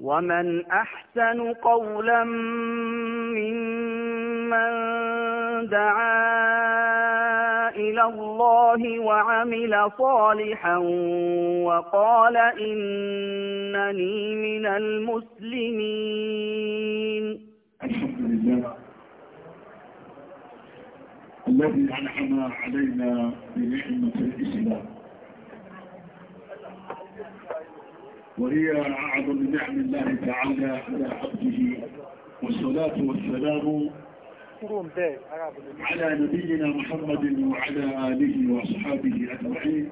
ومن أحسن قولا ممن دعا إلى الله وعمل صالحا وقال إنني من المسلمين الحمد لله الذي أنعم علينا بنعمة الإسلام وهي أعظم نعم الله تعالى على عبده والصلاة والسلام على نبينا محمد وعلى آله وأصحابه أجمعين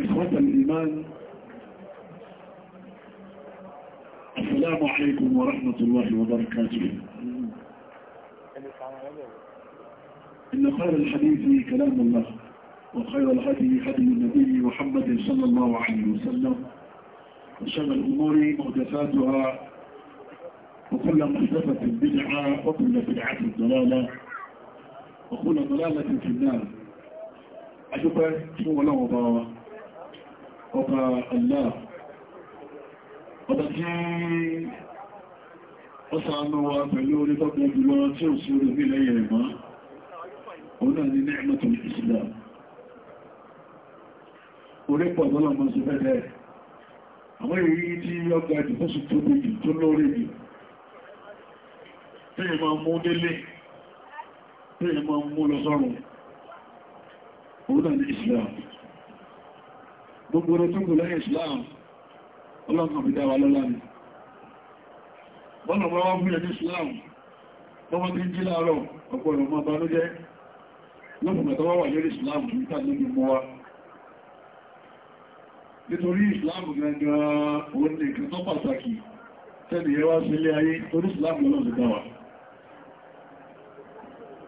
إخوة الإيمان السلام عليكم ورحمة الله وبركاته إن قال الحديث كلام الله وخير الهدي هدي النبي محمد صلى الله عليه وسلم وشر الأمور مهدفاتها وكل مهدفة بدعة وكل بدعة ضلالة وكل ضلالة في النار أجب شو له ضاوة وقى الله وبكي وصعنا وفعلون فضل الله توسل في الأيام هنا نعمة الإسلام orípọ̀ tọ́lọ̀mọ́ sí fẹ́lẹ̀ àwọn èyí tí ọgbà jù tó sì tóbi jù tó lórí jù tí ìmọ̀ mú délé tí ìmọ̀ mú lọ sọ́run orílẹ̀ Islam gbogbo tó gbò lẹ́yìn Islam ọlọ́kan fi dáwà lọ́lá ni bọ́nà bá Islam lọ́wọ́ tí jí láàárọ̀ ọ̀pọ̀ ìrọ̀mọ́ bá ló jẹ́ lọ́pọ̀ Islam nípa níbi mọ́ nítorí ìsìláàmù gangan òun nìkan tó pàtàkì tẹ́lẹ̀ yẹwà sí ilé ayé torí ìsìláàmù lọ́nà dáwà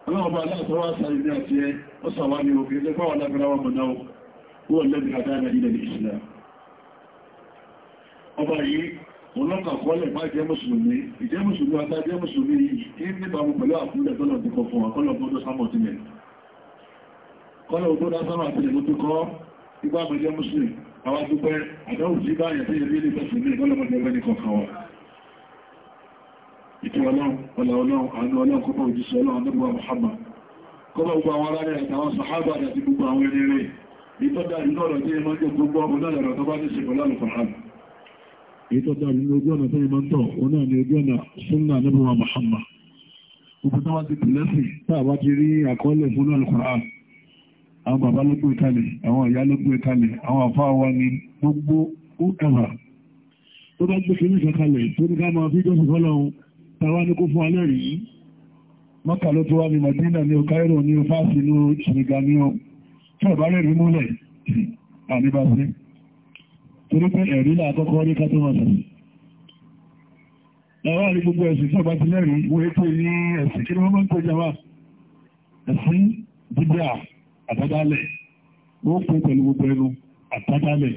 ọlọ́ọ̀bá aláàtọwà sáré ní àti ẹ ó sàwà ní òkè lẹ́gbàwà lágbàráwà mọ̀náwó wọ́n lẹ́bí àdáyà ilẹ̀ ìsìlá ọba yìí ọlọ́kà kọ́lẹ̀ bá jẹ́ mùsùlùmí ìjẹ́ mùsùlùmí àtà jẹ́ mùsùlùmí yìí níbàmù pẹ̀lú àkúlẹ̀ tọ́lọ̀ ti kọ fún àkọ́lọ̀ gbọ́dọ̀ sámọ̀ tilẹ̀ kọ́lọ̀ gbọ́dọ̀ sámọ̀ tilẹ̀ ló ti kọ́ igbá mọ̀ jẹ́ mùsùlùmí àwọn adúpẹ́ àdáwò sí báyẹ̀ tí ilé ìgbẹ̀sùn ní ìgbọ́lọ́mọdé ẹgbẹ́ ní kọ̀ọ̀kan wa ìtọ́ ọlọ́run ọlọ́ ọlọ́run àánú ọlọ́run kọ́bọ̀ òjíṣẹ́ ọlọ́run nígbà Muhammad kọ́bọ̀ gbogbo àwọn aráyẹ àtàwọn náà ni ojú ọ̀nà súnnà nígbà Muhammad gbogbo tó wá ti pìlẹ́sì táà ti rí àkọọ́lẹ̀ fún Al-Qur'an àwọn bàbá ló gbé kalẹ̀ àwọn ìyá ló gbé kalẹ̀ àwọn àfá wa ni gbogbo ó ẹ̀wà tó bá gbé kìíní kalẹ̀ tó ní ká máa fi jọ́sìn fọ́lọ́run tàwa ní kó fún alẹ́ rí mọ́kà ló tó wá ní Madina ní o Cairo ní o fásì ní o ṣìnìgà ní o tí ọ̀bá rẹ̀ rí múlẹ̀ àníbáṣẹ́ torí pé ẹ̀rí là àkọ́kọ́ rí ká tó máa sọ̀rọ̀ làwọn àrí gbogbo ẹ̀sìn tí ọba ti lẹ́rìí wọ́n ètò ní ẹ̀sìn kí ni wọ́n máa ń pè jama ẹ̀sìn dídá àdádálẹ̀ wọ́n pè pẹ̀lú gbogbo ẹnu àdádálẹ̀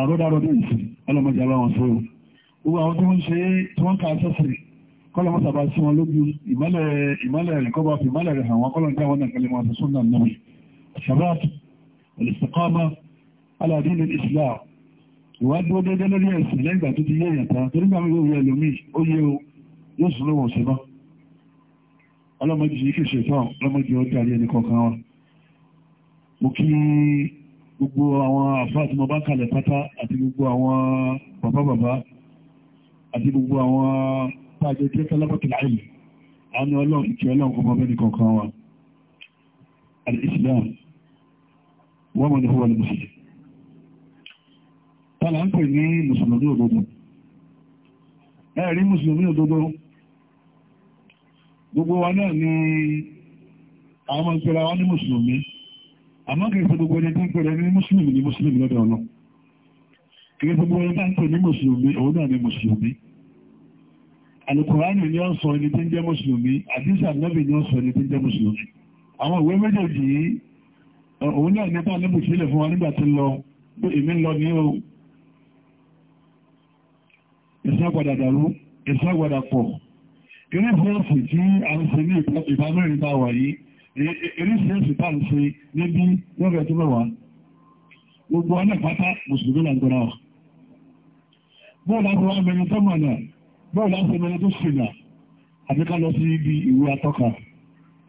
àrọ́dárọ́dé ìsìn ọlọ́mọdé aláwọn sọ́rọ̀ gbogbo àwọn tó ń ṣe tí wọ́n ká sẹ́sẹ̀ kọ́lọ̀mọ́ sàbá sí wọn lójú ìmọ́lẹ̀ rẹ̀ kọ́bà fi ìmọ́lẹ̀ rẹ̀ hàn wọ́n kọ́lọ̀ jáwọn náà kalẹ̀ wọn sọ́nà náà shabat al-istiqama ala din al-islam ìwádìí déédéé lórí ẹ̀sìn lẹ́gbàá tó ti yé èèyàn tán torí gbàmí yóò yẹ ẹlòmíì ó yẹ o yóò sùn lóhùn sí náà ọlọ́mọdé yìí kìí ṣetán ọlọ́mọdé ọjọ́ àrí ẹni kọ̀ọ̀kan wa mo kí gbogbo àwọn àfáà tí mo bá kalẹ̀ pátá àti gbogbo àwọn bàbá bàbá àti gbogbo àwọn pàjọ tí ó tálábàtì láìlì àánú ọlọ́run ìkẹ́ ọlọ́run kọmọ bẹ́ni kọ̀ọ̀kan wa al-islam wọ́n mọ̀ ní huwa al-muslim tààlà ń pè ní mùsùlùmí òdodo ẹ̀rí mùsùlùmí òdodo gbogbo wa náà ni àwọn ọmọ ìpẹ́ra wa ní mùsùlùmí àmọ́ kìí ṣe gbogbo ẹni tí ń pẹ̀lẹ̀ ní mùsùlùmí ní mùsùlùmí lọ́dọ̀ ọ̀nà kìí ṣe gbogbo ẹni tí ń pẹ̀ ní mùsùlùmí òun náà ni mùsùlùmí alùkùránì ni ó sọ ẹni tí ń jẹ́ mùsùlùmí àdísà nọ́bì ni ó sọ ẹni tí ń jẹ́ mùsùlùmí àwọn ìwé méjèèjì yìí òun náà nípa níbù sílẹ̀ fún wa nígbà tí lọ pé èmi lọ ní o ìsápadà dàrú eréṣẹ́ẹ̀sì tí a ń ṣe ní ìbámẹ́rin bá wà yìí e- e- eréṣẹ́ẹ̀sì tá ń ṣe níbi lọ́rẹ̀ tó mẹ́wàá gbogbo ọlẹ́pàá mùsùlùmí lágbára wà bọ́ọ̀lá tó wá mẹ́rin tó mọ̀nà bọ́ọ̀lá tó mẹ́rin tó ṣìnà àti ká lọ sí ibi ìwé atọ́ka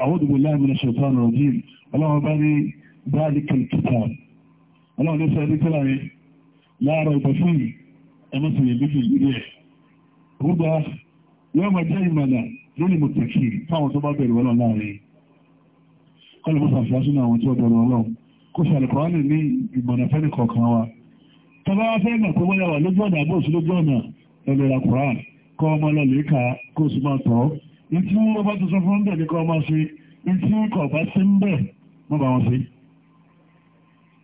àwọ́dùgbò láàmìnà ṣẹ̀tàn rọ̀dín ọlọ́run bá ní báàlì kìlìkìtà ọlọ́run ló sọ ẹni tó láàrin láàárọ̀ ìbọ̀fún ẹmọ́sìn ìlú yóò máa jẹ́ ìmọ̀lá lórí mọ̀tàkì fáwọn tó bá bẹ̀rù ọlọ́run láàrin kọlùmọ́sà fi aṣínà àwọn tí ó bẹ̀rù ọlọ́run kó ṣàlùkọ́ánì ní ìmọ̀nà fẹ́ni kọ̀ọ̀kan wa tọba wá fẹ́ mọ̀ pé wọ́n yàwà lójú ọ̀nà àbọ̀ sí lójú ọ̀nà ẹlẹ́ra kùrán kọ́ ọmọ lọ lè ka kó o sì máa tọ́ ní tí wọ́n bá ti sọ fún bẹ̀ ní kọ́ ọmọ ṣe ní tí wọ́n kọ̀ bá sí ń bẹ̀ wọ́n bá wọn ṣe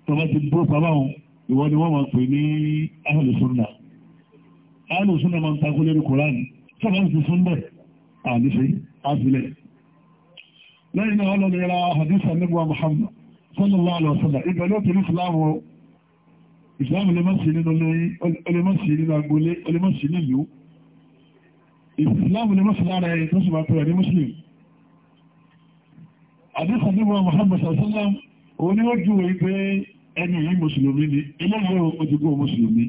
tọba ti bó pa báwọn ìwọ ni wọ́n máa pè ní ahàlùsùnà ahàlùsùnà máa ń takú lórí kùrán tọ́lá ń fún bẹ̀ àníṣe àfilẹ̀ lẹ́yìn náà ọlọ́lẹ̀ yẹra hadith annabuwa muhammad sallallahu alaihi wasallam ibẹ̀ ló tẹ̀lé islam o islam olemọ́sí nínú lẹ́yìn olemọ́sí nínú agbolé olemọ́sí nílùú islam olemọ́sí lára ẹ̀yẹ tó sì máa pẹ̀lú ní muslim hadith annabuwa muhammad sallallahu alaihi wasallam òun ni ó ju wẹ̀ pé ẹni yìí mùsùlùmí ni eléyìí ó ti mùsùlùmí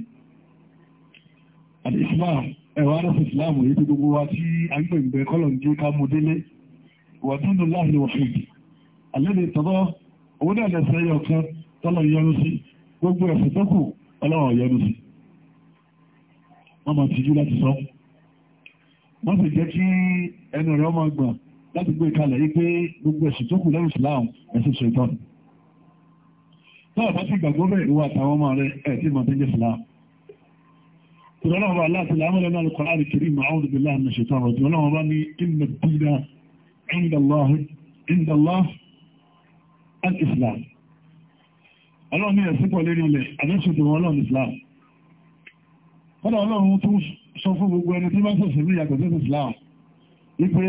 al ẹ̀wọ̀n ará ìsìláàmù yìí tó gbogbo wa tí agbègbè kọ́lọ̀ ń jẹ́ ká mú délé wà tó lò láàrin òfin àlẹ́lẹ́ tọ́lọ́ owó náà lẹ́sẹ̀ yọ kan tọ́lọ̀ yọnu sí gbogbo ẹ̀sìn tó kù ọlọ́run yọnu sí wọ́n máa tijú láti sọ wọ́n sì jẹ́ kí ẹnu rẹ̀ ọmọ gbọ̀n láti gbé kalẹ̀ yí pé gbogbo ẹ̀sìn tó kù lẹ́yìn ìsìláàmù ẹ̀sìn ṣètọ́nù tọ́ọ̀ bá ti gbàgbọ́ bẹ́ẹ̀ ìwà àtàwọn ọmọ rẹ̀ ẹ̀ tí mọ̀ tó jẹ́ ìsìláàmù ìrọ̀lọ́wọ́ bá láti láàmúlẹ̀ náà lọ́kọ̀ láti kiri ma áwùdó bí láàmì ṣètò àwọn ìjọ ọlọ́wọ́ bá ní inna dina indallah al-islam ọlọ́run ní ẹ̀sìn pọ̀ lérí ilẹ̀ àdẹ́sùn ìwọ̀n ọlọ́run islam kọ́dà ọlọ́run tó sọ fún gbogbo ẹni tí bá sọ̀sẹ̀ ní ìyàtọ̀ sí islam wípé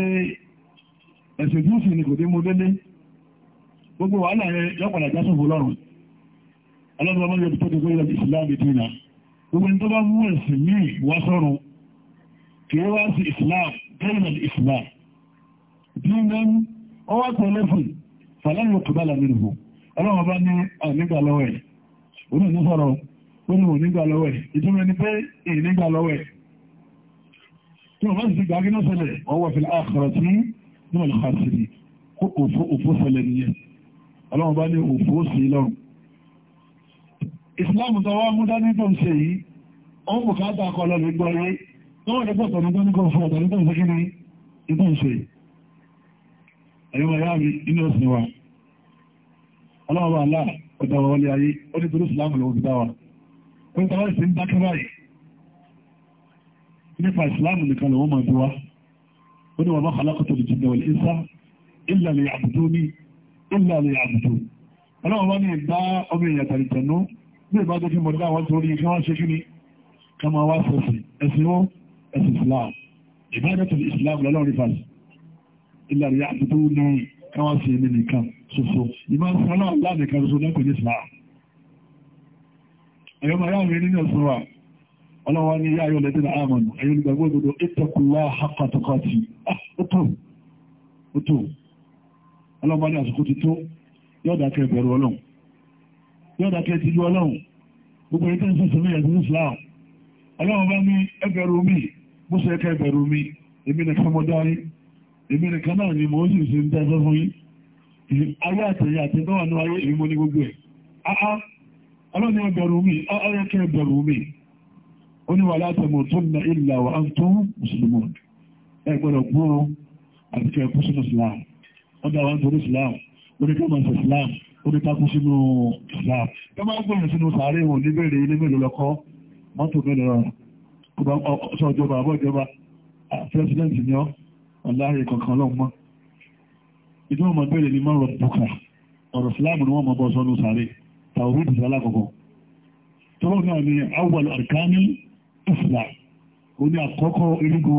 ẹ̀sìn tí ó sì ní kò dé mú délé gbogbo gbogbo tó bá mú ẹ̀sìn ní wá sọ́run kí wá sí islam gẹ́gẹ́ islam bí wọ́n ọwọ́ tẹ̀lẹ́fù fàlẹ́yìn òkúbálà nínú ọlọ́wọ́ bá ní ànígbà lọ́wọ́ ẹ̀ oní ní sọ́rọ̀ oní ònígbà lọ́wọ́ ẹ̀ ìtumọ̀ ni pé ìnígbà lọ́wọ́ ẹ̀ tí wọ́n bá sì gbà gínà ní òfó sí lọ́rùn ìsìláàmù tó wá mú dání tó ń ṣe yìí ó mú káàtà akọlọ lè gbọ́ yé tó wọ́n lẹ́gbọ́ tọ̀nà tó ní kọ́ fún ọ̀tọ̀ nítorí kí ni ìtò ń ṣe ẹ̀yọ́ ọ̀yá mi inú ọ̀sìn wa ọlọ́wọ́ alá ọ̀dọ̀ wọlé ayé ó ní torí ìsìláàmù lọ́wọ́ gbígbá wa ó ní tàwọn ìsìn dákẹ́ ní ìbájọ́ tí mọ̀lá wọ́n torí kí wọ́n ṣe kí ni ká máa wá sọ̀sì ẹ̀sìn ó ẹ̀sìn islam ìbájọ́ tó islam lọ́lọ́run nífàsì ilẹ̀ àríyá àtútó ní káwá sí ẹni nìkan ṣoṣo ìmọ̀ ìsọ̀lọ́ islam ẹ̀yọ́ máa yáwó nínú ọ̀sán wa ọlọ́wọ́ ní yá ayọ́ lẹ́dínà àmọ̀nù ẹ̀yọ́ olùgbàgbọ́ òdodo ìtẹ̀kùnlá àkàtọ̀kọ̀tì ah, ó tó ó tó ọlọ́wọ́ ní àsìkò kẹ́ bẹ̀rù ọlọ́run yọ́ọ̀dà kẹ́ tìjú ọlọ́run gbogbo ẹ̀tẹ́ ìṣẹ́sẹ̀ ní ẹ̀sìn Islam ọlọ́run bá ní ẹgbẹ̀rún mi bó ṣe ẹ̀kẹ́ ẹgbẹ̀rún mi èmi nìkan mọ́ dárí èmi nìkan náà ni mo sì ṣe ń fún yín ayé àtẹ̀yẹ àtẹ̀dọ́wà ní ayé èmi ní gbogbo ẹ̀ ọlọ́run ẹgbẹ̀rún mi na oníkakú sínú Islam tó máa gbẹ̀rẹ̀ sínú sàárè wọn níbẹ̀rẹ̀ ilé mélòó lọ́kọ́ mọ́tò mélòó rọrùn ọjọba ah, ó ní àkọ́kọ́ irúgbó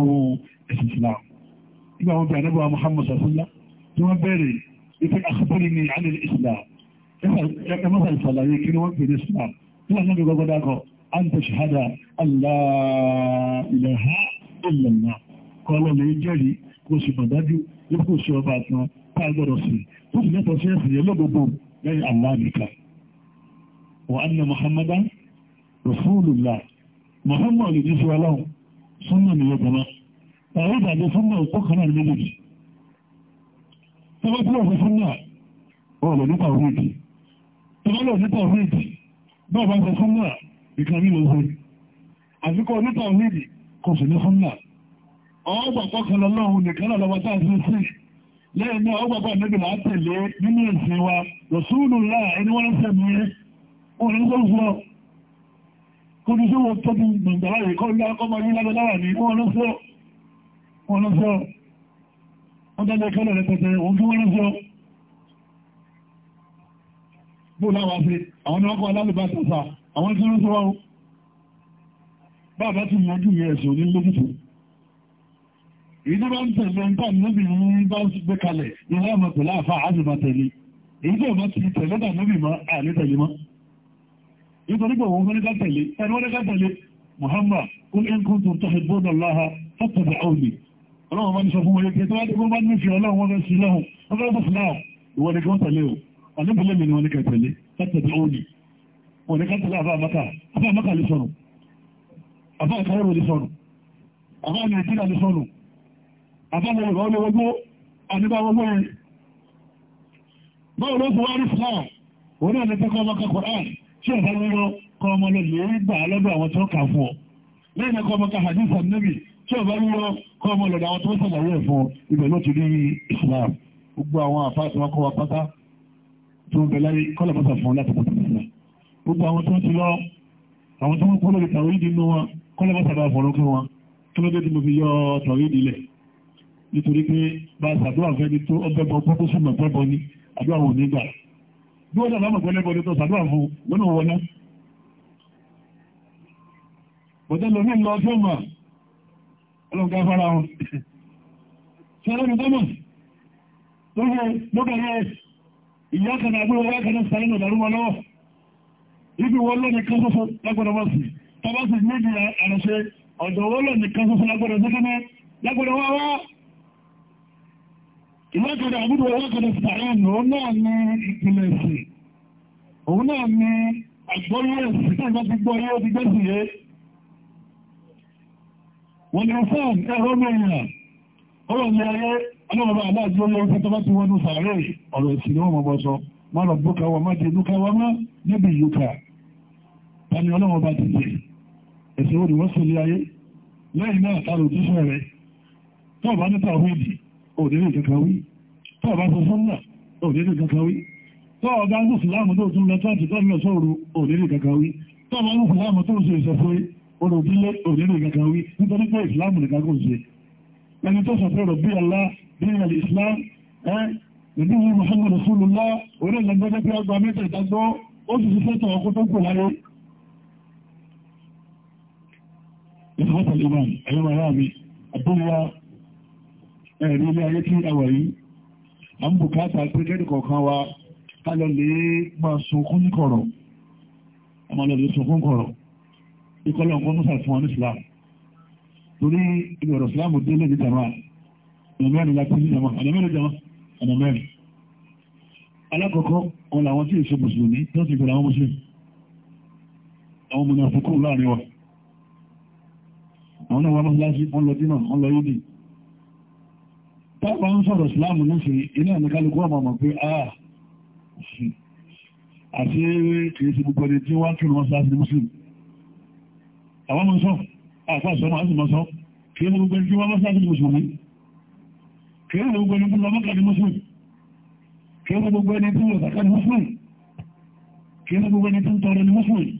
Islam nígbà wọn bẹ̀rẹ̀ Muhammad sallallahu alaihi wasallam tí wọ́n bẹ̀rẹ̀ ìfẹ́ akhbirni 'an al-Islam ẹmọ́fà ìfàlàyé kí ni wọ́n pè ní súnà tí wọ́n náà gbogbo dákọ̀ anta shahada Allah ilaha illallah kọlọ lè jẹ́rìí kó sì mọ̀dájú yóò kó sí ọba àtàn tá a gbọ́dọ̀ sí tó sì lẹ́tọ̀ sí ẹ̀sìn lọ́gbogbo lẹ́yìn Allah nìkan wa anna muhammadan rasulullah muhammad ní sí ọlọ́run súnà tọ́lọ́ nípa ọ̀rẹ́dì náà bá sọ súnmọ́ ìkan mílò ó àfikọ́ nípa ọ̀rẹ́dì kò sì ní súnmọ́ ọgbà pọ́kan lọ́lọ́run nìkan lọ́wọ́ tá a ti sí lẹ́yìn náà ọgbà bá níbi là á tẹ̀lé nínú ẹ̀sìn wa Rasulullah ẹni wọ́n sẹ̀ mí ẹ́ wọ́n ní sọ́ sọ́ kó ní sọ́wọ́ tọ́jú gbọ̀ngàrá yìí kọ́ ní akọ́mọ yìí lágbàdáwà ní wọ́n ní sọ́ wọ́n ní sọ́ wọ́n dájọ́ kẹ́lẹ̀ rẹpẹtẹ òun kí wọ́n ní sọ́ bó láwàá sí àwọn ọkọ̀ alálùbá tàṣà àwọn tí wọ́n sọ́wọ́ bàbá tí yanjú yẹ ẹ̀sùn ní lójútù ìjọba ń tẹ̀lé ń tàn níbi ní bá ń gbé kalẹ̀ ilé ọmọ pẹ̀lú àfá àjùmọ̀ tẹ̀lé èyí tó bá ti tẹ̀lé dà níbi mọ́ àní tẹ̀lé mọ́ nítorí pé òun fẹ́lẹ́ ká tẹ̀lé ẹni wọ́n ká tẹ̀lé Muhammad kún in kún tó tọ́jú gbọ́dọ̀ láha fọ́tọ̀dà òní ọlọ́run bá ní sọ fún wọn yẹ kí tó wá dé kó bá nífẹ̀ẹ́ ọlọ́run wọn fẹ́ sí lọ́hùn wọn fẹ́ bọ́ fúláwọ̀ ìwọ́n ni kí wọ́n tẹ̀lé o àníbìlẹ̀ mi ni wọ́n ní kẹ́ tẹ̀lé látẹ̀lé òní wọ́n ní ká tẹ̀lé àbá àmàkà àbá àmàkà lè sọ̀rọ̀ àbá àkàrẹ́rò lè sọ̀rọ̀ àbá nàìjíríà lè sọ̀rọ̀ àbá lè wọ́gbó àníbà wọ́gbó yẹn báwo ló fi wá rí fúláà wọ́n lè fẹ́ kọ́ ọmọkà Qur'an tí ọ̀bá lọ́rọ́ kọ́ ọmọ lọ lè gbà lọ́dọ̀ àwọn tó kà fún ọ lẹ́yìn kọ́ ọmọkà hadith annabi tí ọ̀bá lọ́rọ́ kọ́ ọmọ lọ́dọ̀ àwọn tó sàlàyé tó ń bẹ láyé kọ́lọ̀mọ́sà fún láti pọ̀ tẹ̀lẹ̀ gbogbo àwọn tó ń ti lọ àwọn tó ń kó lórí tàwídì inú wọn kọ́lọ̀mọ́sà bá fọ̀rọ̀ kí wọn tó ló dé tí mo fi yọ tàwídì ilẹ̀ nítorí pé bá sàdúrà fẹ́ ní tó ọbẹ̀ bọ pọ́ tó súnmọ̀ pẹ́ bọ ní àdúrà wò nígbà bí wọ́n dàbá mọ̀gbẹ́lẹ́ bọ ní tó sàdúrà fún lọ́nà wọn ṣe ìyáka na agbúrò wáyé kanáà sáré nà dárúwọ lọ́wọ́ ibi wọ́n lọ́nà kan sọ́sọ́ lágbọ́dọ̀ wá sí tọ́bá sì méjì àrẹsẹ ọ̀dọ̀ wọ́n lọ́nà kan sọ́sọ́ lágbọ́dọ̀ sẹ́kẹ́mẹ́ lágbọ́dọ̀ wá wá ìyáka agbúrò wáyé kanáà sáré nà òun náà ní ìpìlẹ̀ sí òun náà ní àgbọ́lẹ̀ sí tàbí ti gbọ́ yóò ti gbẹ́sì yé wọ́n ni fún ẹ̀rọ mẹ́rin ọ̀rọ̀ mi ayé ọlọ́ọ̀bá aláàjú olóòfẹ́ tó bá ti wọ́n ní sàárẹ̀ ọ̀rọ̀ ìsìnlẹ̀ wọn bọ́ sọ ma rọ̀ bókà wọ má jẹ lókà wọ má níbi ìyókà tani ọlọ́ọ̀bá ti jẹ ẹ̀sẹ̀ orí wọ́n sì lé ayé lẹ́yìn náà tààrà òjíṣẹ́ rẹ̀ tó bá ní tàwídì òdèrè kankanwí tó bá sọ sọ́nà òdèrè kankanwí tó bá ní ìsìlámù tó tún lọ tọ́jú tó lọ sóòrò òdèrè kankanwí tó bá tó ń ṣe ìṣẹ̀fẹ́ olùdílé òdèrè kankanwí nítorí pé ìsìlámù nìkan kò ṣe ẹni tó sọ pé bí ọlá دين الإسلام نبيه محمد رسول الله ولن لنبدا في أربع متر تقضوا أجل سفاتة وقتنكم عليه إخوة الإيمان أيها رامي الدنيا ẹ̀rí ilé ayé tí ẹwọ̀ yìí a ń bùkátà pé kẹ́dùkọ̀ọ̀kan wa kálọ̀ lè máa sunkún ní kọ̀rọ̀ ọmọ lọ lè sunkún kọ̀rọ̀ ìkọlọ̀ nǹkan mọ́sà fún ọ ọ̀nà mẹ́rin láti ní ìjọba ọ̀nà mẹ́rin jọba ọ̀nà mẹ́rin alákọ̀ọ́kọ́ wọn làwọn tí èso mùsùlùmí tó sì gbọ́dọ̀ àwọn mùsùlùmí àwọn ọmọ náà fukú láàrin wa àwọn náà wọ́n lọ́sí wọ́n lọ dínà wọ́n lọ yídì tábà ń sọ̀rọ̀ ìsìláàmù ní ṣe ilé àmìkálùkù ọmọ mọ̀ pé àà ah, àti kìí sí gbogbo ẹni tí wọ́n kí wọ́n sáà sí mùsùlùmí àwọn mọ̀ sọ àfáà sọ máa sì mọ̀ sọ kìí sí gbogbo ẹni tí wọ́n sáà sí mùsùlùmí kí ó gbogbo ẹni tí lọ mọ́kàdé mọ́sùlùmí kí ó gbogbo ẹni tí lọ sàkàdé mọ́sùlùmí kí ó gbogbo ẹni tí ń tọrọ ní mọ́sùlùmí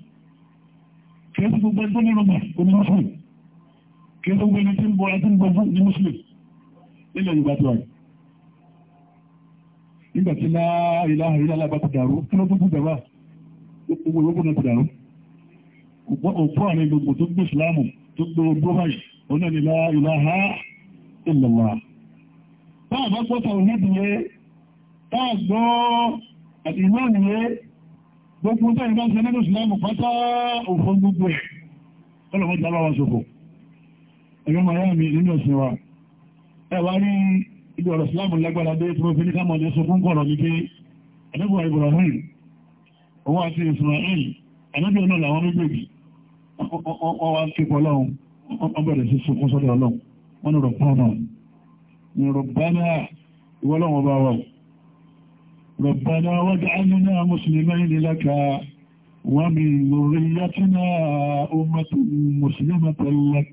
kí ó gbogbo ẹni tó ní rọgbà oní mọ́sùlùmí kí ó gbogbo ẹni tí ń bọ́ ẹni bọ́ fún ní mọ́sùlùmí nílẹ̀ Yorùbá tó wáyé nígbà tí láàrín alábá ti dàrú kí ló tó kú jàmbá gbogbo táwọn bá gbọ́ta ò nídìí táà gbọ́ àti ìwọ́ nìyẹ gbogbo tó ìbá ṣe nínú ìsìlámù pátá òfin gbogbo ẹ̀ ọlọ́mọdé aláwọ̀ ṣòfò ẹgbẹ́ ma yára mi nínú ọ̀sìn wa ẹwà rí ibi ọ̀rọ̀ ìsìlámù lágbára dé tí mo fi ní ká mọ̀ ní ṣokú ń kọ̀rọ̀ ní pé ẹ̀dẹ́gbọ̀ Ibrahim òun àti Ismail ẹ̀dẹ́gbẹ̀ náà làwọn méjèèjì ọwọ́ akẹ́kọ̀ọ́ ọlọ́run ọgbẹ̀rẹ̀ sí ṣokú sọ́dọ̀ ọlọ́run wọn rọ̀ pọ́n náà rọ̀bánà ìwọ́lọ́wọ́ bá wà rọ̀bánà waj'alna muslimayni laka wa min dhurriyyatina ummatan muslimatan lak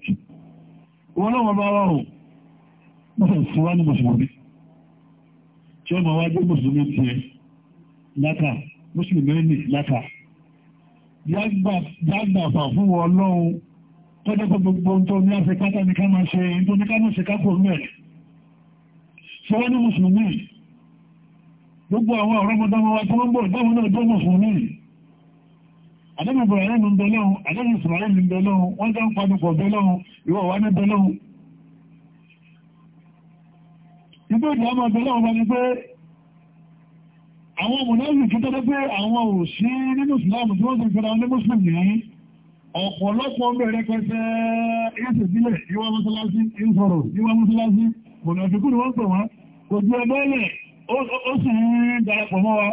ìwọ́lọ́wọ́ bá wà ó mọ́sàn síwá ní mùsùlùmí tí ó ma wá jẹ́ mùsùlùmí ti ẹ látà mùsùlùmí látà yàgbà fà fún ọlọ́run tọ́jọ́ gbogbo tó ní àfikátà ní ká máa ṣe tó ní ká máa ṣe kápò mẹ́rin ṣe wọ́n ní mùsùlùmí gbogbo àwọn ọ̀rọ̀mọdọ́mọ wa tí wọ́n bọ̀ dáwọn náà jẹ́ mùsùlùmí àdẹ́bì Ibrahim ń bẹ lọ́hun àdẹ́bì Ismail ń bẹ lọ́hun wọ́n jẹ́ ń padùpọ̀ bẹ lọ́hun ìwọ̀ wà ní bẹ lọ́hun ìgbé ìdí àmọ́ bẹ lọ́hun bá ní pé àwọn mùnáfíkí kí tọ́jọ́ pé àwọn ò sí ní mùsùlùmí tí wọ́n ti fẹ́ra ní mùsùlùmí yìí mọ̀nàfikú ni wọ́n pè wọ́n kò ju ẹgbẹ́ ilẹ̀ ó sì ń darapọ̀ mọ́ wa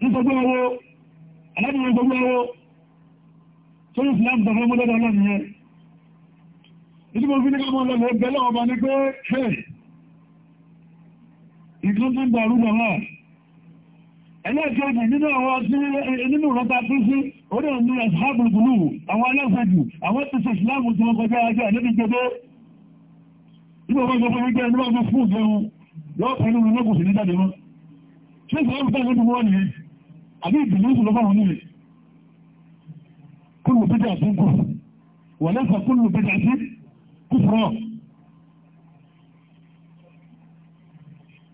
nítorí owó alábìnrin gbogbo owó tó ní islam tó fẹ́ mọ́lẹ́dọ̀ ọlọ́run yẹn ìdí mo fi ní káwọn ọlọ́run ẹgbẹ́ lọ́wọ́ bá ní pé ṣe nǹkan tó ń darú lọ wà ẹlẹ́ẹ̀kejì nínú àwọn tí nínú rọ́ta tó sí ó dẹ̀ ní ashabul qulub àwọn aláṣẹ́jù àwọn ti ṣe islam tí wọ́n kọjá ajá níbi gbogbo nígbà wọn gbogbo ẹgbẹ́ ẹni wọn fún ìjẹun lọ́pàá nínú lọ́gùn sí ní jáde wọn ṣé ìfẹ́ ìfẹ́ ìlú wọn nìyẹn àbí ìdìlú ìṣòro fáwọn nílẹ̀ kúrò bídà sí kù wà lẹ́sà kúrò bídà sí kù fúrọ̀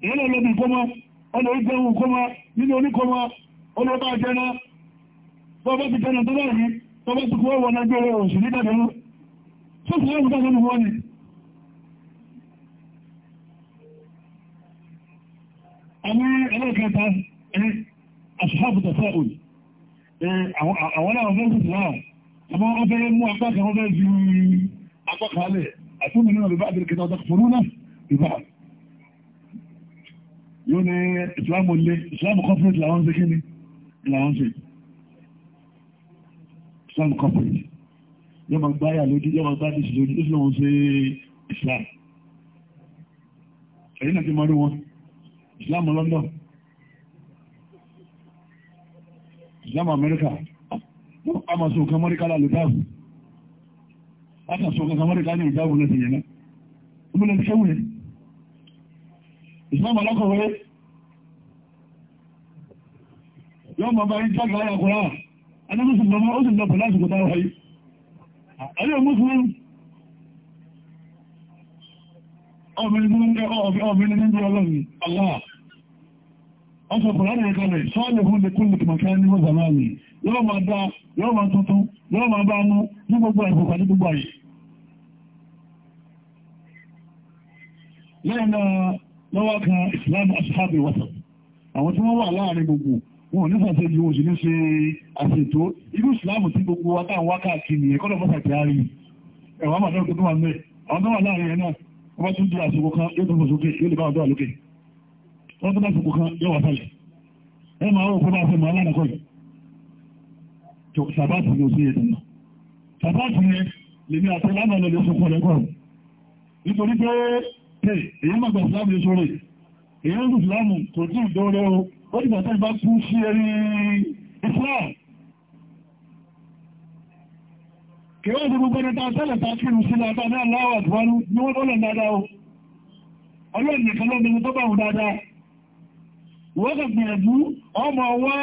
ìyẹn lọ́bì kọ́mọ ọlọ àwọn ẹlẹ́kẹta ní aṣíhábù tẹ̀fẹ́ òl àwọn àwọn fẹ́ ìsìnkú náà àmọ́ wọ́n fẹ́ mú apáka wọ́n fẹ́ ju apáka alẹ́ àtúnmù nínú bíbá àbẹ̀rẹ̀kẹta ọ̀dọ́ fòrú náà bíbá yóò ní ìsìlámù lé ìsìlámù corporate làwọn ń ṣe kí ni làwọn ń ṣe ìsìlámù corporate yóò máa gbáyà lójú yóò máa gbáyà lójú yóò sì lọ́wọ́ ń ṣe ìsìlámù ẹ̀yìn náà ti máa rí wọn islam london islam america a ma so kan amẹ́ríkà lálẹ́ dáàbù láti so kan amẹ́ríkà ní ìdáàbù lẹ́sẹ̀ yẹn náà ìmúlẹ̀ ti ṣẹ́wù yẹn islam alákọ̀wé yọ́ ma bá yí jágbà ayàkùnrà anábùsùn lọ́mọ ó sì lọ́pọ̀ láti kò dáwà yìí ayé mùsùlùmí ọmọ ìlú ń jẹ́ ọmọ ìlú ń jẹ́ ọlọ́run allah ọsọ bùrọ̀dì ìkọlẹ̀ sọ́ọ̀lù fún lẹ́kùnlù kìmọ̀kẹ́ ní mọ́sàmáàmì yóò máa dá yóò máa tuntun yóò máa bá mú ní gbogbo àìkọ̀kọ̀ ní gbogbo àyè lẹ́yìn náà lọ́wọ́ kan islam ashabi wasa àwọn tí wọ́n wà láàrin gbogbo wọn ní sàṣẹ ju oṣù ní ṣe àṣètò irú islam tí gbogbo wa táwọn wá káàkiri ẹ̀kọ́ lọ mọ́sà kíárì ẹ̀wọ̀n àmàdọ́ tó wọ́n tó bá fòkò kan yọ wà ẹ máa wọ́n kó bá fẹ́ mọ́ alánàkọ́ yìí tó sàbáàtì ní òsì ètò sàbáàtì yẹn lè àti lánàá lọ lè fòkò rẹ̀ kọ́ nítorí pé tẹ èyí má ìsìlámù yẹn sórí èyí ń ìsìlámù kò tí ì ó dìgbà tó bá nìkan lọ́gbẹ̀rún tó bá wù dáadáa wọ́n kò gbìyànjú ọmọ ọwọ́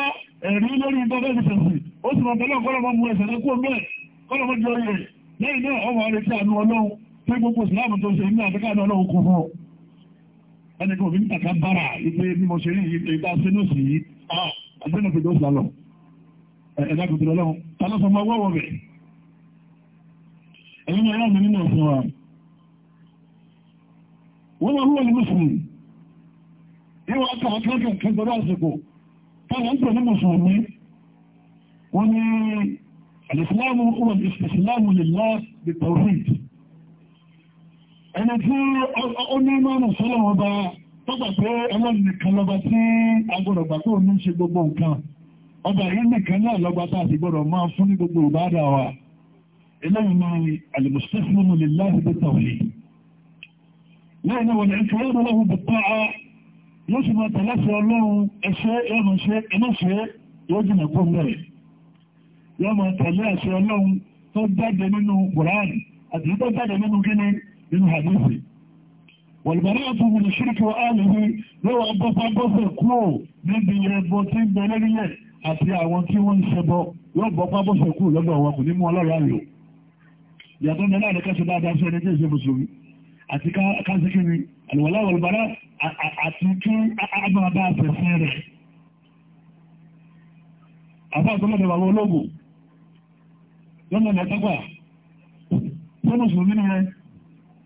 ẹ̀rí lórí gọ́gọ́sì tẹ̀sì ó sì mọ̀tẹ́lọ̀ kọ́lọ̀mọ́ mú ẹ̀sẹ̀ lẹ́kọ́ mẹ́ kọ́lọ̀mọ́ jọ rẹ̀ lẹ́yìn náà ọmọ rẹ̀ tí àánú ọlọ́run tí gbogbo ìsìláàmù tó ṣe ní àfíkà náà ọlọ́run kò fún ẹni kò fi ń tàkà bára ipe bí mo ṣe rí ìta sínú sí i àdínà fìdó sàlọ ẹ̀dá kò tìrọ lọ́run ta ló sọ mọ ọwọ́ wọ̀ bẹ̀ ẹ̀yìn náà yára mi nínú ọ̀sán wa wọ́n wọ́n wọ́n ní mùsùlùmí yíò wọ́n kàn tó dùn kí gbọ́dọ̀ àsìkò táwọn ń pè ní mùsùlùmí wọ́n ní alìsìláàmù ọmọ ìsìláàmù lèlá bí tawhid ẹni tí ó ní mọ́nà sọ́lọ̀ wọn bá tọ́gbà pé ọlọ́run nìkan lọ́ba tí agbọ́dọ̀ gbà tó ní ṣe gbogbo nǹkan ọba yìí nìkan náà lọ́ba tá àti gbọ́dọ̀ máa fún ní gbogbo ìbáàdà yóò sì máa tẹ̀lẹ́sẹ̀ ọlọ́run ẹṣẹ́ ẹ̀rùn ṣe ẹlẹ́ṣẹ́ yóò jìnà kó mẹ́rẹ̀ yóò máa tẹ̀lé ẹṣẹ́ ọlọ́run tó jáde nínú Kùránì àti tó jáde nínú kíní nínú hadithi wọ̀lùbẹ̀rẹ̀ ọ̀tún ní ṣíríkì áàlùmí yóò agbọ́fagbọ́fẹ̀ kúrò níbi ẹbọ tí ń bẹ lẹ́rílẹ̀ àti àwọn tí wọ́n ń ṣẹbọ yóò gbọ́fagbọ́fẹ̀ kúrò lọ́dọ̀ wọn kò ní mú ọlọ́rọ̀ àlò yàtọ̀ mẹ́lá àdẹ́kẹ́sẹ̀ dáadáa sí ẹni tí ìṣe mùsùlùmí àti káṣíkiri àlùwàlá wàlùbàlá àti kí àbábá àfẹ́fẹ́ rẹ̀ àbá àtọ́lọ́dẹ̀ bàbá ológun lọ́nà mẹ́tọ́gbà tó mùsùlùmí ni rẹ̀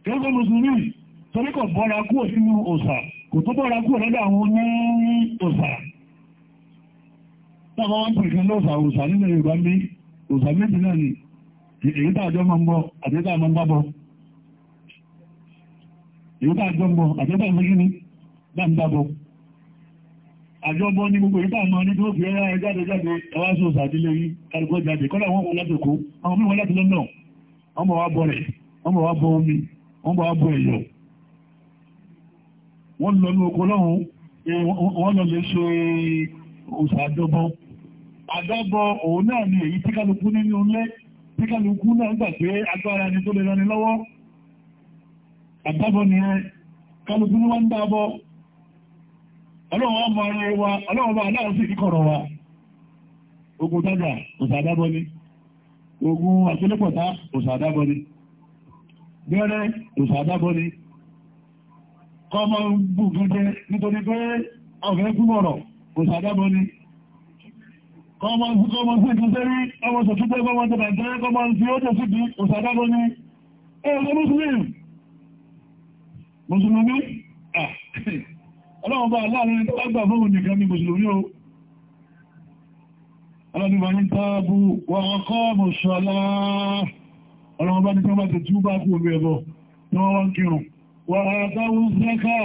kẹ́gbẹ́ mùsùlùmí torí kò bọ́ra kúrò sínú òsà kò tó bọ́ra kúrò lọ́dọ̀ àwọn ní òsà táwọn wọ́n pè kan lọ́sà òsà nílẹ̀ Yorùbá mi òsà méjì náà ni èyí tààjọ́ máa ń bọ́ àti tààmọ́ ń bá bọ́ èyí tá àjọmbọ̀ àjọmbọ̀ ìwéyí ni dáńdábọ̀ àjọmbọ̀ ní gbogbo ìta àmọ́ ní tó fi ẹ́rá ẹjáde jáde ẹwà sí òsàdílé yìí kárùkọ́ jáde kọ́lá wọn wọn látòkó àwọn mímọ̀ láti lọ́nà wọ́n bọ̀ wá bọ̀ rẹ̀ wọ́n bọ̀ wá bọ̀ omi wọ́n bọ̀ bọ̀ ẹ̀yọ̀ wọ́n lọ ní oko lọ́hùn wọ́n lọ lè ṣe òsàjọbọ̀ àjọbọ̀ òun náà ni èyí tíkàlùkù nínú ilé tíkàlùkù náà gbà pé agbára ni tó lè rani lọ́wọ́ àbábọ̀ ni ẹ kálùkù ní wọ́n dábọ́ ọlọ́wọ́ ọmọ ẹ̀rọ wa ọlọ́wọ́ bá aláàrùn sí ìkọ̀rọ̀ wa ogun tájà òsàdábọ́ ni ogun àtúlẹ́pọ̀tá òsàdábọ́ ni bẹ́rẹ́ òsàdábọ́ ni kọmọ bù gẹ́gẹ́ nítorí pé ọ̀fẹ́ kúmọ̀rọ̀ òsàdábọ́ ni kọmọ sí kọmọ sí ìtúnṣẹ́rí ọmọ sọ̀túnṣẹ́ kọmọ tẹ̀bàjẹ́ kọmọ sí ó tẹ̀ sí òsàdábọ́ ni ẹ̀rọ mùsùlùmí mùsùlùmí ah. ọlọ́run bá aláàrin tó lágbà fóòmù nìkan ní mùsùlùmí o ọlọ́run bá ní tábù wọ́n kọ́ mùsùlá ọlọ́run bá ní tó bá ti tú bá kú omi ẹ̀bọ̀ tí wọ́n wọ́n kírùn wọ́n àtàwù zaka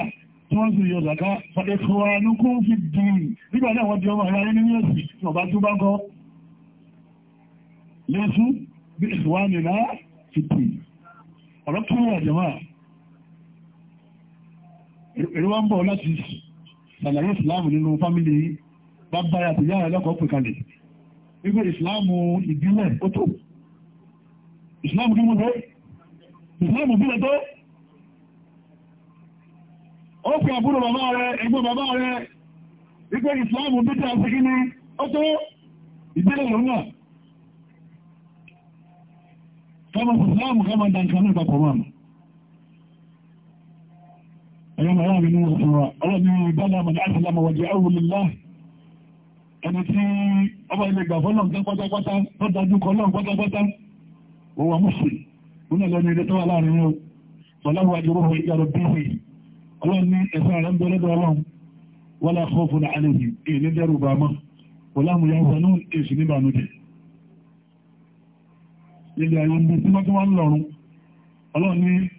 tí wọ́n sì yọ zaka ẹ̀kọ̀wànúkún fi dìrì nígbà náà wọ́n di ọmọ ara ẹni ní ẹ̀sì tí wọ́n bá tú bá kọ́ lẹ́sù bí ìsìwánìlá fi dìrì ọ̀rọ̀ kí wọ́n àjẹmáà èrò wá ń bọ̀ láti ṣàlàyé ìsìláàmù nínú fámílì bàbá àti ìyá ẹlọ́kọ̀ọ́ pè kalẹ̀ wípé ìsìláàmù ìbílẹ̀ ó tó ìsìláàmù kí wọ́n tó ìsìláàmù ìbílẹ̀ tó ó pè àbúrò bàbá rẹ ẹgbẹ́ bàbá rẹ wípé ìsìláàmù bí tẹ́ àti أيام أيام النور الأمراء أرمي بلى من أسلم وجهه لله ẹni tí ọba ilẹ̀ gbà fọ́lọ̀n tán pátápátá tó dájú kọlọ́n pátápátá ó wà mọ́sí nínú ẹlẹ́ni ilẹ̀ tó wà láàrin ó pọ̀láwọ̀ àjọrọ̀ ìjọrọ̀ bíwì ọlọ́run ní rẹ̀ ń bẹ̀rẹ̀ ọlọ́run wọ́n lá kọ́ fún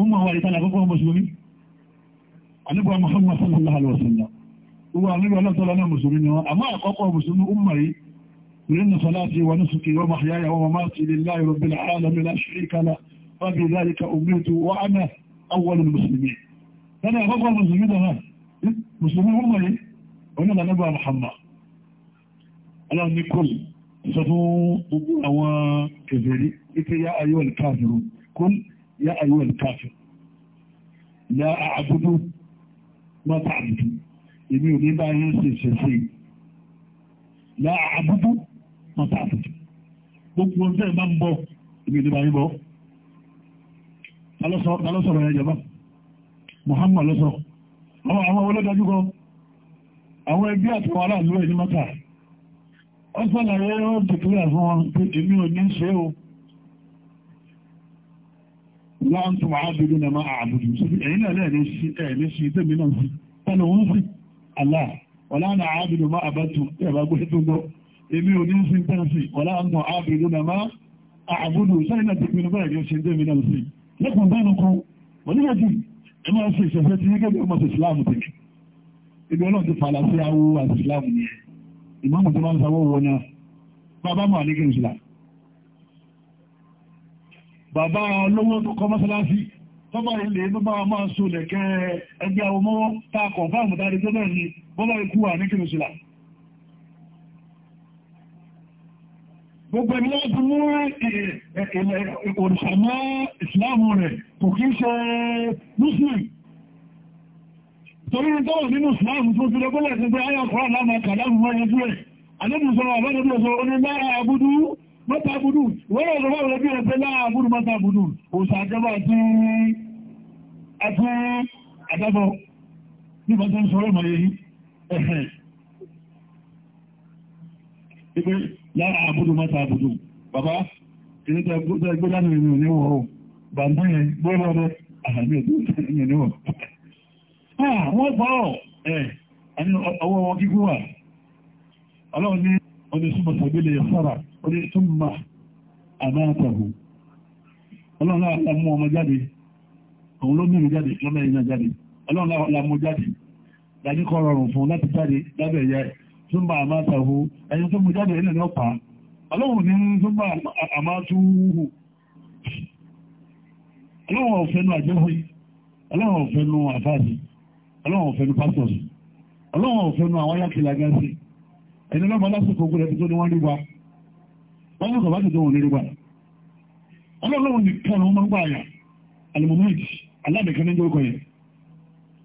ọmọ wa ìtàlà àkọ́kọ́ mùsùlùmí àníbọ̀ Muhammad sallallahu alaihi wasallam wọ́n àníbọ̀ ọlọ́tọ́lọ́ náà mùsùlùmí ni wọ́n àmọ́ àkọ́kọ́ mùsùlùmí ọmọ yìí إن صلاتي ونسكي ومحياي ومماتي لله رب العالمين لا شريك له وبذلك أمرت وأنا أول المسلمين أنا أبغى المسلمين أنا مسلمين هم لي وأنا نبى محمد أنا نقول سفو أو كذري إتيا أيها الكافرون كل yá àyíwá ìkáfẹ́ yá àbúdó mọ́ta àbùdó èmi ò ní bá yín ṣe ṣẹ̀ṣẹ̀ yá àbúdó mọ́ta àbùdó gbogbo ọjọ́ ìbá ń bọ̀ èmi ò ní bá yín bọ̀ alọ́sọ̀rọ̀ ẹ̀jọba Muhammad lọ́sọ̀ àwọn olódájú kan àwọn ẹbí àtàwọn aráàlú ẹ̀ ní mọ́ta ọ̀sán làwọn ẹ̀rọ dìkúrẹ̀ fún wọn pé èmi ò ní ṣe o wọ́n tún wà ábìrì náà máa àbùdù síbi ẹ̀yìn náà lẹ́ẹ̀ ní ṣe tẹ́mi náà sí tẹ́nu wọ́n sí Allah wọ́lá náà ábìrì máa àbátù ẹ̀bá gbé tó gbọ́ èmi ò ní sí tẹ́ǹsì wọ́lá náà ábìrì náà máa àbùdù sẹ́yìn náà tẹ́mi náà ní ṣe tẹ́mi náà sí lẹ́kùn bá nukú wọ́n nígbà tí ẹ máa ṣe ìṣẹ̀fẹ́ ti gẹ́gẹ́ bí ọmọ ìsìláàmù tẹ̀ ibi ọlọ́run ti fàlà sí awo àti ìsìláàmù yẹn ìmọ̀ bàbá olówó tó kọ́ mọ́sálásí tọ́bà ilẹ̀ bọ́bá máa so lẹ̀kẹ́ ẹgbẹ́ ọmọwọ́ tààkọ̀ fáàmù tààrí tó bẹ́ẹ̀ ni bọ́bá ikú wà ní kìrìsìlá gbogbo ẹni láti mú òrìṣàmọ́ ìsìláàmù rẹ̀ kò kí ṣe muslim torí tọ́wọ̀ nínú ìsìláàmù tó ti lọ́gbọ́lẹ̀ Mata mọ́tàbùdù wọ́n rẹ̀ lọ́wọ́ rẹ̀ bí ẹgbẹ́ láàmúrù mọ́tàbùdù òṣàjọba àti àjábọ̀ nípa tó ń sọ ọmọ yìí ẹ̀hẹ̀ ipé lára àbúrú mọ́tàbùdù bàbá kìrìtẹ̀ ah, gbọ́dá Ọlọ́run ni ó ní súnmọ̀ sàbílẹ̀ yẹ̀sára ó ní túnmà àmáàtàhù ọlọ́run àmú ọmọ jáde òun ló mìíràn jáde lọ́nà ìrìnà jáde ọlọ́run àmú jáde dájíkọ́ rọrùn fún láti jáde lábẹ̀ ẹ̀yà túnmà àmáàtàhù ẹni tó mú jáde ilẹ̀ náà pa ọlọ́run ní túnmà àmáàtúhù ọlọ́run ọ̀fẹ́nu àjẹ́hóyí ọlọ́run ọ̀fẹ́nu àfáàdì ọlọ́run ọ̀fẹ́nu pásítọ̀sì ọlọ́run ọ̀fẹ́nu àwọn yákìlá gáàsì ẹni lọ́mọ lásìkò ogun ẹni tó ní wọ́n rí wa wọ́n mọ̀ sọ̀bá tìjọ òní rí wa ọlọ́lọ́wọ́ nìkan ló máa ń gbàyà alimomed aládẹ̀kan níjọ́ ọkọ̀ yẹn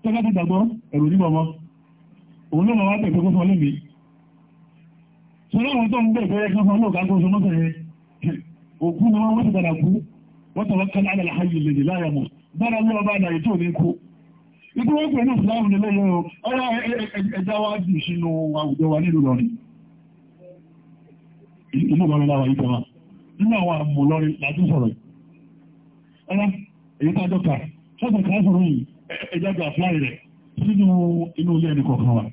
tó bá ti gbàgbọ́ ẹ̀rù ní bọ̀mọ́ òun ló máa wá bẹ̀ẹ̀ fún ọlọ́mí sọ láwọn tó ń bẹ̀ fẹ́ kan fún ọlọ́ọ̀ká tó sọ mọ́sẹ̀ yẹn òkú ni wọ́n ti padà kú wọ́n tọ̀wọ́ kan alàlá hayì lè ní láyà mọ̀ bára lọ́wọ́ bá dàrí tó ní kú ikú wọ́n pè ní ìsìláàmù nílé yẹn o ọwọ́ ẹja wá jù sínú àwùjọ wa nílùú lọ́rin inú ọlọ́run láwà yìí tọ́wà nínú àwọn àmúlọ́rin láti sọ̀rọ̀ ọlá èyí tá dọ́kà sọ́tọ̀ kan sọ̀rọ̀ yìí ẹjájọ àpláì rẹ̀ sínú inú ilé ẹni kọ̀ọ̀kan wa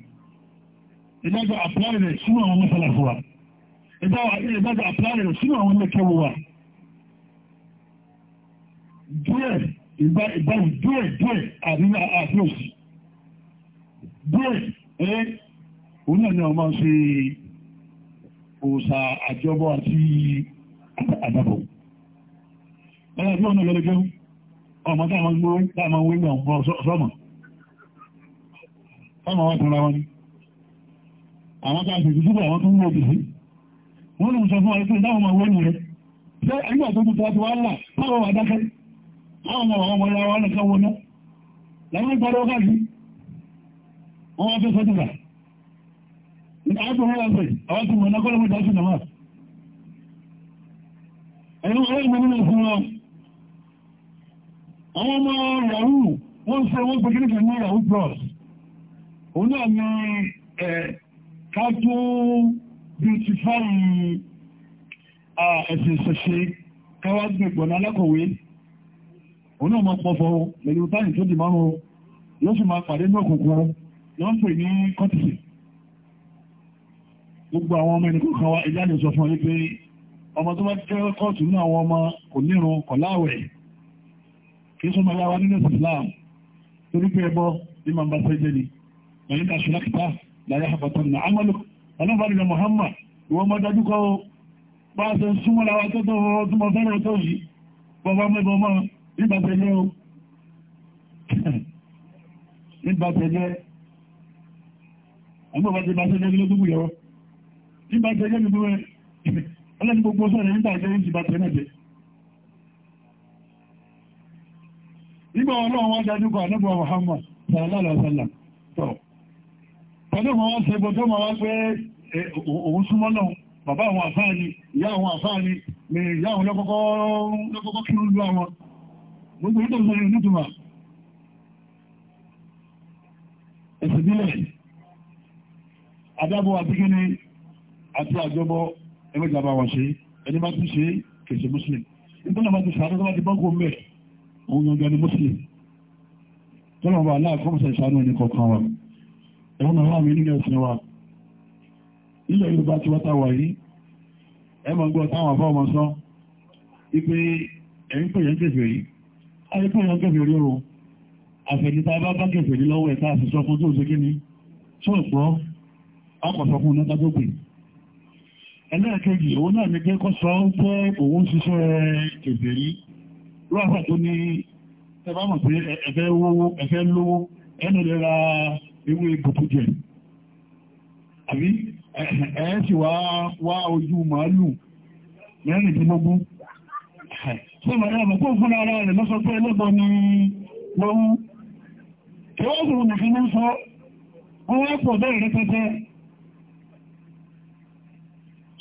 ẹjájọ àpláì rẹ̀ sínú àwọn mọ́sálàfọ́ wa ẹjájọ àpláì rẹ̀ sínú àwọn ilé-ẹ̀kọ́ wa díẹ̀ ìbáyìí díẹ̀ díẹ̀ àríwá àfíòsì díẹ̀ ẹ́ òun náà ni àwọn máa ń ṣe òòsà àjọbọ̀ àti àdàbọ̀. Ẹ̀rọ ìgbọ́n náà lọ́lẹ́gbẹ́ ọmọ táàmà ń gbórí táàmà wé ní ọmọ sọ́mọ̀. Táàmà wá tọ́ra wọn ni. Àwọn táà sì túbọ̀ àwọn tó ń wọ́n bìí. Wọ́n lè sọ fún wa pé táwọn ọmọ wọ́n rẹ̀. Ṣé ẹgbẹ́ tó tuntun àti wàhálà táwọn wà dákẹ́? Táwọn ọmọ ọmọ ìyá ní àgbọ̀wọ́ ọ̀fẹ́ àwọn tí mọ̀ lọ́kọ́ lọ́wọ́ dájú náà ẹ̀yìn ọ̀rẹ́ ìmọ̀ nínú ìfún wọn àwọn ọmọ ràhù wọ́n fẹ́ wọ́n pẹ̀lú kìrìkì ní ràhù bros òun náà ni kájú beautify ẹ̀sìn ìṣẹ̀ṣe káwájú ìgbọ̀nà alákọ̀wé òun náà máa pọ̀fọ́ pẹ̀lú táyì tó dì márùn-ún yóò sì máa pàdé ní òkùnkùn lọ́n pè ní kọ́tìsì gbogbo àwọn ọmọ ẹni kọ̀ọ̀kan wa ìjáde sọ fún ọ pé ọmọ tó bá kẹ́rọ kọ́ọ̀tù nínú àwọn ọmọ kò nírun kọ̀ láwẹ̀ kí súnmọ́ yá wa nínú Islam torí pé ẹbọ ní màá bá sẹ́jẹ́ ni wọ́n nígbà ṣùlákìtà láyé àbàtàn náà amalu ọlọ́fàdìlẹ̀ Muhammad ìwọ́n mọ́ dájú kọ́ bá a ṣe súnmọ́ láwa tó tó ọdún mọ́ fẹ́rẹ̀ tó yìí bọ́bá mẹ́bọ mọ́ nígbà tẹ̀lé o nígbà tẹ̀lé ẹgbẹ́ bá ti bá sẹ́jẹ́ lójúkú yẹ̀wọ́ tí bá jẹ́ nínú ẹ̀ ọlọ́ni gbogbo sọ́rọ̀ nígbà jẹ́ ìjìbá tẹ́lẹ̀jẹ́ nígbà ọlọ́run wọ́n dájú kọ ànábì Muhammad sallallahu alaihi wasallam tọ́ pẹ̀lú wọn wọ́n sẹ́gbọ́ tó máa wá pé òun súnmọ́ náà bàbá àwọn àfáà ni ìyá àwọn àfáà ni ni ìyá àwọn lọ́kọ́kọ́ kí ń lú àwọn gbogbo ìtọ́ sọ́rọ̀ nítumà ẹ̀sìn bílẹ̀ adábọ̀ àti kí ni àti àjọbọ ẹgbẹ́jàmbá wọn ṣe ẹni bá ti ṣe kèsè muslim nítorí àwọn ti sàánú láti bọ́gbọ́n mẹ́ òun yọjọ ni muslim tọ́lọ̀ bá aláàkọ́mọ̀sẹ̀ ìsàánú ẹni kọ̀ọ̀kan wa ẹ̀wọ̀n àwọn àmì nílẹ̀ ẹ̀sìn wa ilẹ̀ Yorùbá ti wọ́ta wà yìí ẹ mọ̀ gbọ́ táwọn àfọ́ ọmọ sọ wípé ẹ̀yìn ni tó ọ̀pọ̀ ọkọ̀ sọ ẹlẹ́ẹ̀kejì òun náà ní pé kọ́ sọ pé òun ṣiṣẹ́ kèfè rí rọ́pàá tó ní ẹbámọ̀ pé ẹ̀fẹ́ owó ẹ̀fẹ́ lówó ẹnu lè ra ewé bùkú jẹ àbí ẹ̀ẹ́ sì wá wá ojú màálù mẹ́rìndínlógún sọ́mọ̀ ẹ̀rọ tó fún ara rẹ̀ lọ́sọ pé ẹlẹ́gbọ́n ni lọ́wọ́ kí wọ́n sì rùn nìkan ló sọ wọ́n wá pọ̀ bẹ́ẹ̀ rẹpẹtẹ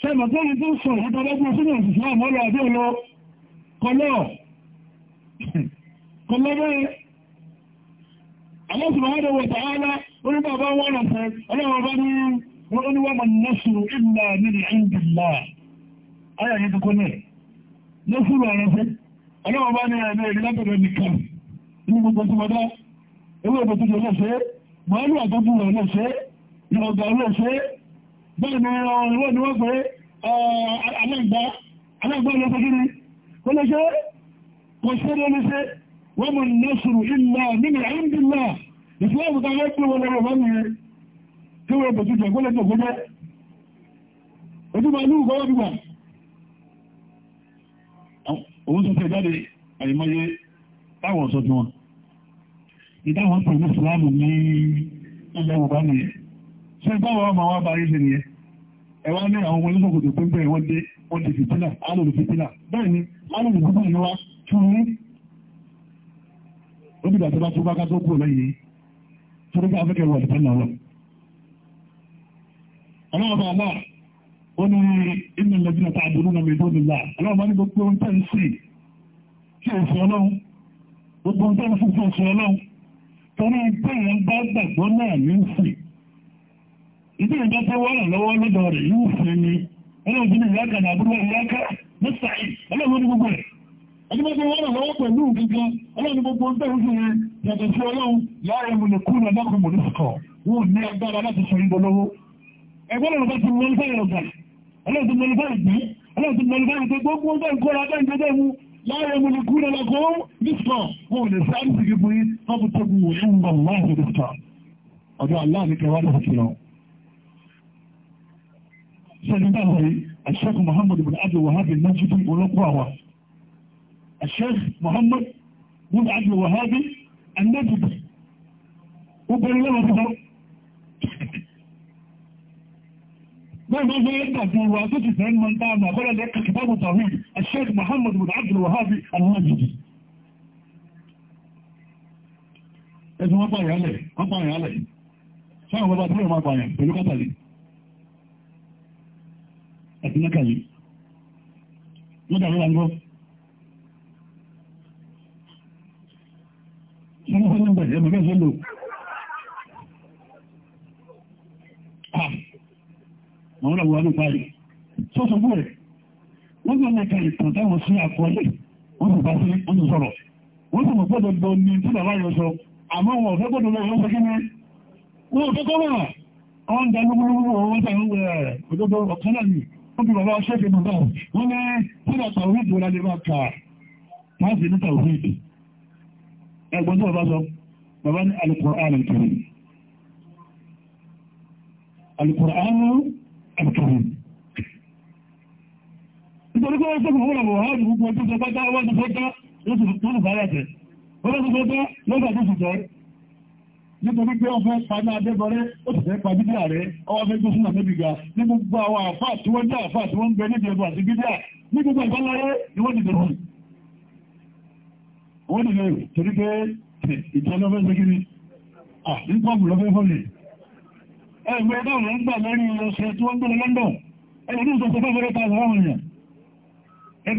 Ṣẹ́mọ̀ tó ní tó sọ ìrẹ́tọ́lọ́gbọ́n sínú òṣìṣẹ́ àmọ́lọ àbí ọlọ kọlọ́ kọlọ́bẹ́ alọ́sùnmọ́ wọ̀ tààlá onígbà bá wọ́n rọ̀ fẹ́ ọlọ́wọ́ bá ní oníwàmọ̀ nọ́sùn ìlà nílì ìndìlá ayà yìí tó kọ́ náà lọ́sùn ọ̀rọ̀ fẹ́ ọlọ́wọ́ bá ní ẹ̀mẹ́ ìrìnlẹ́bẹ̀rẹ̀ nìkan ní gbogbo tí wọ́n dá ewé ìbòtútù ọlọ́fẹ́ màálù àtọ́jú ọlọ́fẹ́ ìrọ̀gbà ọlọ́fẹ́ bẹ́ẹ̀ ni ọ̀rọ̀ Eh, alágbá alágbá olóṣèkiri kò lè ṣe wọ́n mọ̀ nẹ́ṣùrù ìlà nínú àìndìlà ìṣúwọ́n tó wọ́n pè wọ́n lọ́rọ̀ wọ́n yẹ tí wọ́n bẹ̀jú tí wọn ìdáwọn ẹwà ní àwọn ọmọ olóṣòkòtò tó ń bẹ̀rẹ̀ wọ́n dé wọ́n dé fìtílà alòlù fìtílà bẹ́ẹ̀ ni alòlù gbogbo ìlú wa tún ní ó dìgbà tó bá tó bá ká tó kú lẹ́yìn torí pé afẹ́kẹ́ wọ̀ ìtàn náà lọ. ọlọ́run bá wà ó ní inú lẹ́gbẹ̀ẹ́ ta àdúrú náà mẹ́tọ́ nílá ọlọ́run bá ní gbogbo ohun tẹ́ ń sì kí èsì ọlọ́run gbogbo ohun tẹ́ ń fún fún èsì ọlọ́run torí pé èèyàn bá gbàgbọ́ náà ní ń sìn ìdí ìjọ tó wọ́n lọ́wọ́ lọ́dọ̀ rẹ̀ yóò fún ẹni ọlọ́dún ìyáka nàbúrú ìyáka mẹ́sàáì ọlọ́run ní gbogbo rẹ̀ ọdún tó wọ́n lọ́wọ́ pẹ̀lú gẹ́gẹ́ ọlọ́run gbogbo bẹ́rù fún rẹ̀ yàtọ̀ sí ọlọ́run yára mu lè kúrò lọ́kùn mọ̀ lọ́sọ̀kọ̀ wọn ní agbára láti sọ ìbọn lọ́wọ́ ẹgbẹ́ lọ́run bá ti mọ nípa ìrọ̀gbà ọlọ́run ti mọ nípa ìgbé ọlọ́run ti mọ nípa ìgbé gbogbo bẹ́ẹ̀ ń kóra bẹ́ẹ̀ ń gbé mu láàrin ọmọ olùkúrò lọ́kọ̀ lọ́sọ̀ wọn ò lè sáré sí gbogbo yìí tọ́bù tọ́bù wọ̀ ẹ̀ ń bọ̀ láàrin ọdún ọdún aláàbí kẹwàá lọ́sọ̀kì náà sẹ́ni bá wọ̀nyí Sheikh Muhammad bin Abdul Wahhab al-Najdi olóko àwà Sheikh Muhammad bin Abdul Wahhab al-Najdi ó bẹ̀rẹ̀ lọ́wọ́ tó bẹ́ẹ̀ bá fẹ́ dàbí wa tó ti fẹ́ mọ́ dáa mà bọ́lá lẹ́ka kìtàbù tawhid Sheikh bin Abdul Wahhab ẹ̀sùn wọ́n pààyàn lẹ̀ sáwọn bàbá tí wọ́n àti mọ́kàlì mọ́kàlì wà sọ́nà fún ọgbà ẹ̀mọ̀ bẹ́ẹ̀ sọ́lọ̀ àwọn àwọn àwọn parí sọ́sọ́ bú ẹ̀ wọ́n gbọ́n mẹ́ta ìtàn táwọn sí àkọọ́lẹ̀ wọ́n sì bá sí ọmọ sọ̀rọ̀ wọ́n sì mọ̀ gbọ́dọ̀ gbọ́ ní tí bàbá yọ sọ àmọ́ wọn ò fẹ́ gbọ́dọ̀ lọ wọ́n sọ́kí wọ́n ò fẹ́ kọ́ wà ọ́n dá lúgbúrúgbúrú wọ́n sàn ń wẹ̀ ọ̀dọ́dọ́ ọ̀kan náà wọ́n ti bàbá ṣẹ́fẹ̀ bàbá wọ́n ní tọ́lá tàwíìdì wọ́n lálẹ́ máa kà láti ní tàwíìdì ẹgbọ́n tó bàbá sọ bàbá ní alìkùrán alìkùrán alìkùrán alìkùrán nítorí pé wọ́n sọ́kùn fún ọ̀rọ̀ wọ́n gbogbo ọjọ́ sọ pátá wọ́n ti fọ́tá lọ́sùn tó lù báyà jẹ́ wọ́n lọ́sùn tó tọ́ lọ́sùn tó sì jẹ́ nítorí pé wọ́n fẹ́ paná adébọrẹ́ ó sì fẹ́ pa bídíà rẹ̀ ọwọ́ fẹ́ gbé súnà níbi ga ní gbogbo àwọn àfáà tí wọ́n jẹ́ àfáà tí wọ́n ń gbẹ níbi ẹgbẹ́ àti bídíà ní gbogbo ìbáláyé ni wọ́n nìdẹ̀ wọ́n wọ́n nìdẹ̀ torí pé ìtọ́lọ́fẹ́ sí kiri ah ní pọ́ọ̀mù lọ́fẹ́ fọ́lẹ̀ ẹgbẹ́ dáwọn ń gbà lórí ọ̀sẹ̀ tí wọ́n gbẹ̀rẹ̀ London ẹgbẹ́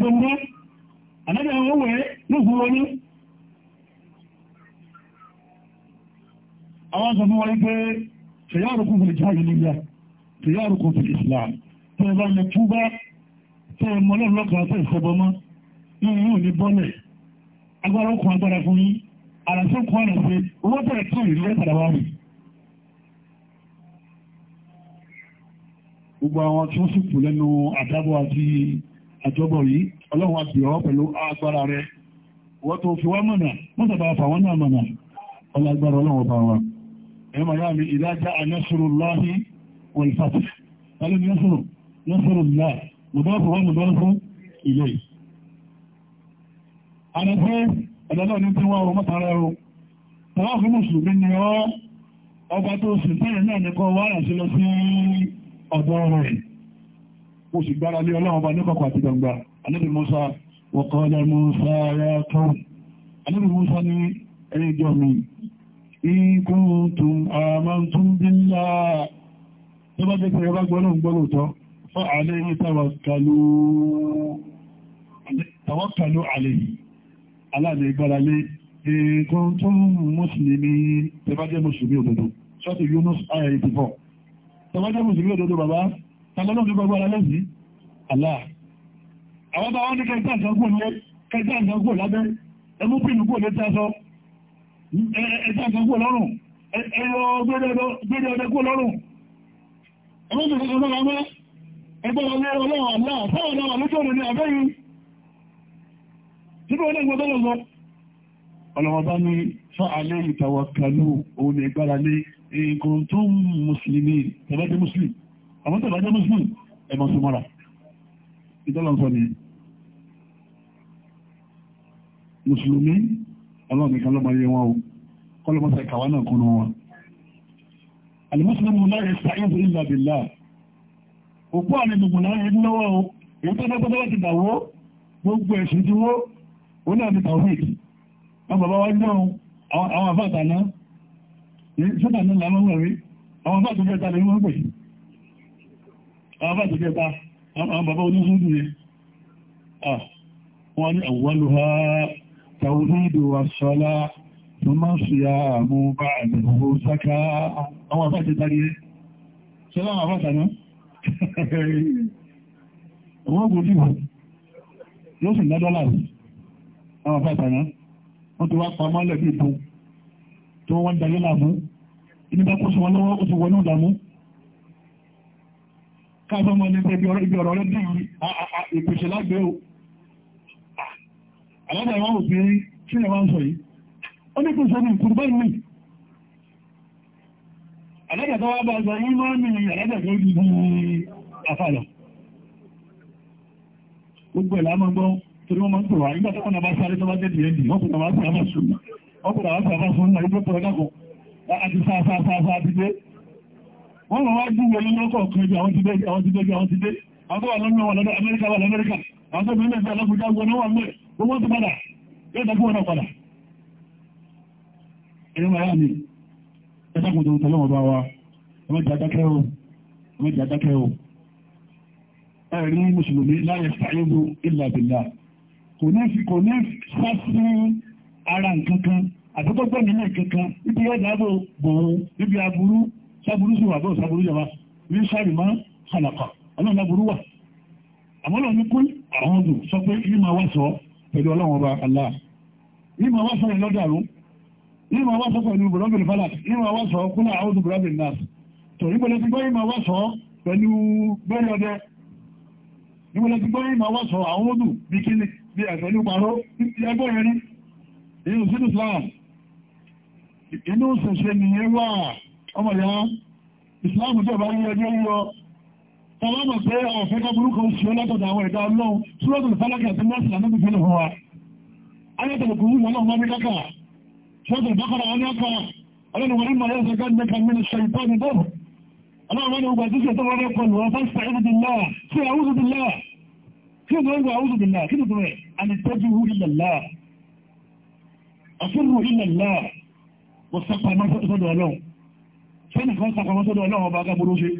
ní ìsọ̀tọ̀ àwọn sọ fún wọn pé ṣèyárùkún fún ìjáhìlìyà ṣèyárùkún fún Islam tó ẹbá lè túbá tó ẹmọ lọ́lọ́kan tó ìfọbọmọ́ inú yóò ní bọ́lẹ̀ agbára okùn agbára fún yín àràṣẹ́ kún ọ̀nà pé owó tẹ̀ kí ìrírí ẹ̀kàdà wá rí gbogbo àwọn tí wọ́n sì kù lẹ́nu àdábọ̀ àti àjọbọ̀ yìí ọlọ́run àbìọ́ pẹ̀lú agbára rẹ̀ wọ́n tó fi wá mọ̀nà mọ́sàbà fàwọn náà mọ̀nà ọlágbára ọlọ́run ọba wa ẹmọ yá mi ìdájá anásùrùláhí wọ̀lfàtí tàbí násùrù násùrùlá mọ̀dọ́fù wọ́n mọ̀dọ́fù ilé àdàfẹ́ ẹ̀dọ́lọ́ ní tí wọ́n wọ́n mọ́tara ẹ̀rọ tàwọn fún mùsùlùmí ni ọ́ ọba tó sì tẹ́rẹ̀ náà ní kan wárà sí lọ sí ọ̀dọ́ rẹ̀ mo sì gbára lé ọlọ́run ọba nípapọ̀ àti gbangba anábì musa wọ̀kọ́ ọlọ́run rẹ̀ tó anábì musa ní ẹ̀yìn mi in kuntum amantum billah tó bá jẹ́ kẹrẹ bá gbọ́nà gbọ́nà tọ́ fọ́ alayhi tawakkalu alayhi aláàdẹ̀ gbára lé in kuntum muslimin tó bá jẹ́ mùsùlùmí òdodo ṣọ́tù Yunus ayà 84 tó bá jẹ́ mùsùlùmí òdodo bàbá tàbọ́nà gbọ́gbọ́ra lẹ́sìn Allah àwọn bá wọ́n ní kẹta ìsànkú lábẹ́ ẹmú pínlú kò lẹ́ta ẹ̀ẹ́dẹ́ ọ̀gbẹ́ kó lọ́rùn ẹ̀rọ gbẹ́dẹ̀ ọ̀gbẹ́ kó lọ́rùn Ọlọ́wọ́ bá ní fa'alẹ́ ìtawàkàlú òun lè gbára lé nǹkan tó mùsùlùmí tẹ̀bẹ́jẹ́ mùsùlùmí. Àwọn tẹ̀bẹ́jẹ́ mùsùlùmí ẹmọ̀ súnmọ́ra. Ìtọ́lọ̀ sọ ni, mùsùlùmí ọlọ́run nìkan ló mọ iye wọn o kọlọmọsẹ̀ ìkàwá náà kún wọn alìmọ́sílẹ̀mù láyé sàáyẹ́bù ìlà bìlá òpó àrẹ̀gbùgbùn láyé lọ́wọ́ o èyí tó lọ́gbọ́dọ́ láti dàwó gbogbo ẹ̀sùn tí wó ó náà ní tawhid wọn bàbá wá gbọ́n àwọn àfáàtà náà sọ́tà náà lámọ́ wẹ̀rí àwọn àfáàtà jẹta lè wọ́n pè àwọn àfáàtà jẹta àwọn bàbá oníṣúndì yẹn التوحيد والصلاة ثم صيام بعده زكاة أو فاتي تاريه سلام فاتنا wọ́n kò dìbò yóò sì ná dọ́là sí àwọn fàtàná wọ́n ti wá pa mọ́lẹ̀ bí ìbò tó wọ́n darí láàmú inú bá kó sí wọn lọ́wọ́ ó ti wọnú ìdàmú káàkiri ọmọ ní ibi ọ̀rọ̀ rẹ̀ bí ìpèsè lágbẹ́ àwọn ẹ̀wọ̀n òbìnrin tí ẹ̀wọ̀n sọ yìí ó ní kò sọ ní ìkùrùbá ìlú alájàtọ́ wá bá sọ yí máa ní alájàtọ́ ojú ní afálọ̀ gbogbo ẹ̀lá máa gbọ́ torí wọ́n máa ń pè wá nígbà tọ́kọ̀ náà bá sáré tó bá jẹ́ dìẹ́dì wọ́n kò náà sáà fún wọ́n kò náà sáà fún náà ibi pẹ̀lú dàkọ̀ àti sáà sáà sáà sáà ti dé wọ́n máa wá dúró lọ́nà kọ̀ọ̀kan ju àwọn ti dé àwọn ti dé àwọn ti dé àwọn tó wà lọ́nà wọn lọ́dọ̀ Amẹ́ríkà wà lọ́mẹ́ríkà àwọn tó bí ilẹ̀ ìfẹ́ alábùjá wọn náà wà mẹ́rin gbogbo tó padà yóò tẹ́kù ọ̀nà padà ẹ̀rọ máa ní ẹ̀sàkùn tó tọ́lọ́ ọba wa ọmọdé adákẹ́ o ọmọdé adákẹ́ o ẹ̀rí mùsùlùmí láyé sàáyébù ìlàbìlà kò ní sá sí ara nǹkan kan àtúkọ́ gbẹ̀mí náà kankan ibi ọ̀dà àbò bòun ibi aburú sáburú sí wà bó sáburú yàrá ní sáré máa kàlàkà ọlọ́run aburú wà àmọ́ ní kú àwọn ọdún sọ pé yìí máa wá sọ pẹ̀lú ọlọ́run ọba Allah ní ma wá sọ ìlọ́dàrú ní ma wá sọ pẹ̀lú bùrọ́bìn fàlà ní ma wá sọ kúlà àwọn bùrọ́bìn náà torí bọ́lẹ̀ ti gbọ́yìn ma wá sọ pẹ̀lú bẹ́rẹ̀ ọdẹ ní bọ́lẹ̀ ti gbọ́yìn ma wá sọ àwọn odù bí kí bí ẹ̀fẹ̀lú parọ́ ẹgbọ́ yẹn inú sínú Islam inú sẹ̀sẹ̀ nìyẹn wà ọmọ ìyá Islam jọba yíyọ tọ́lọ́mọ̀ pé ọ̀fẹ́ kọ́ burúkọ oṣù ọlọ́tọ̀dọ̀ àwọn ẹ̀dá ọlọ́run túrọ́tọ̀ fálákì àti mọ́sí lánàbí fẹ́lẹ̀ fún wa ayẹ́tọ̀lọ̀ kò wú lọ́nà ọmọ mẹ́kàkà ṣọ́tọ̀ bákọ̀rọ̀ wọn lọ́kọ̀ ọlọ́run wọn mọ̀ lọ́sọ̀ gáàdì mẹ́kà mẹ́rin ṣe tí wọ́n tó rẹ̀ àlìtẹ́jú hu ìlàlá àfihàn ìlàlá wọ́n sápamọ́ sọ́dọ̀ ọlọ́run ṣé nìkan sápamọ́ sọ́dọ̀ ọlọ́run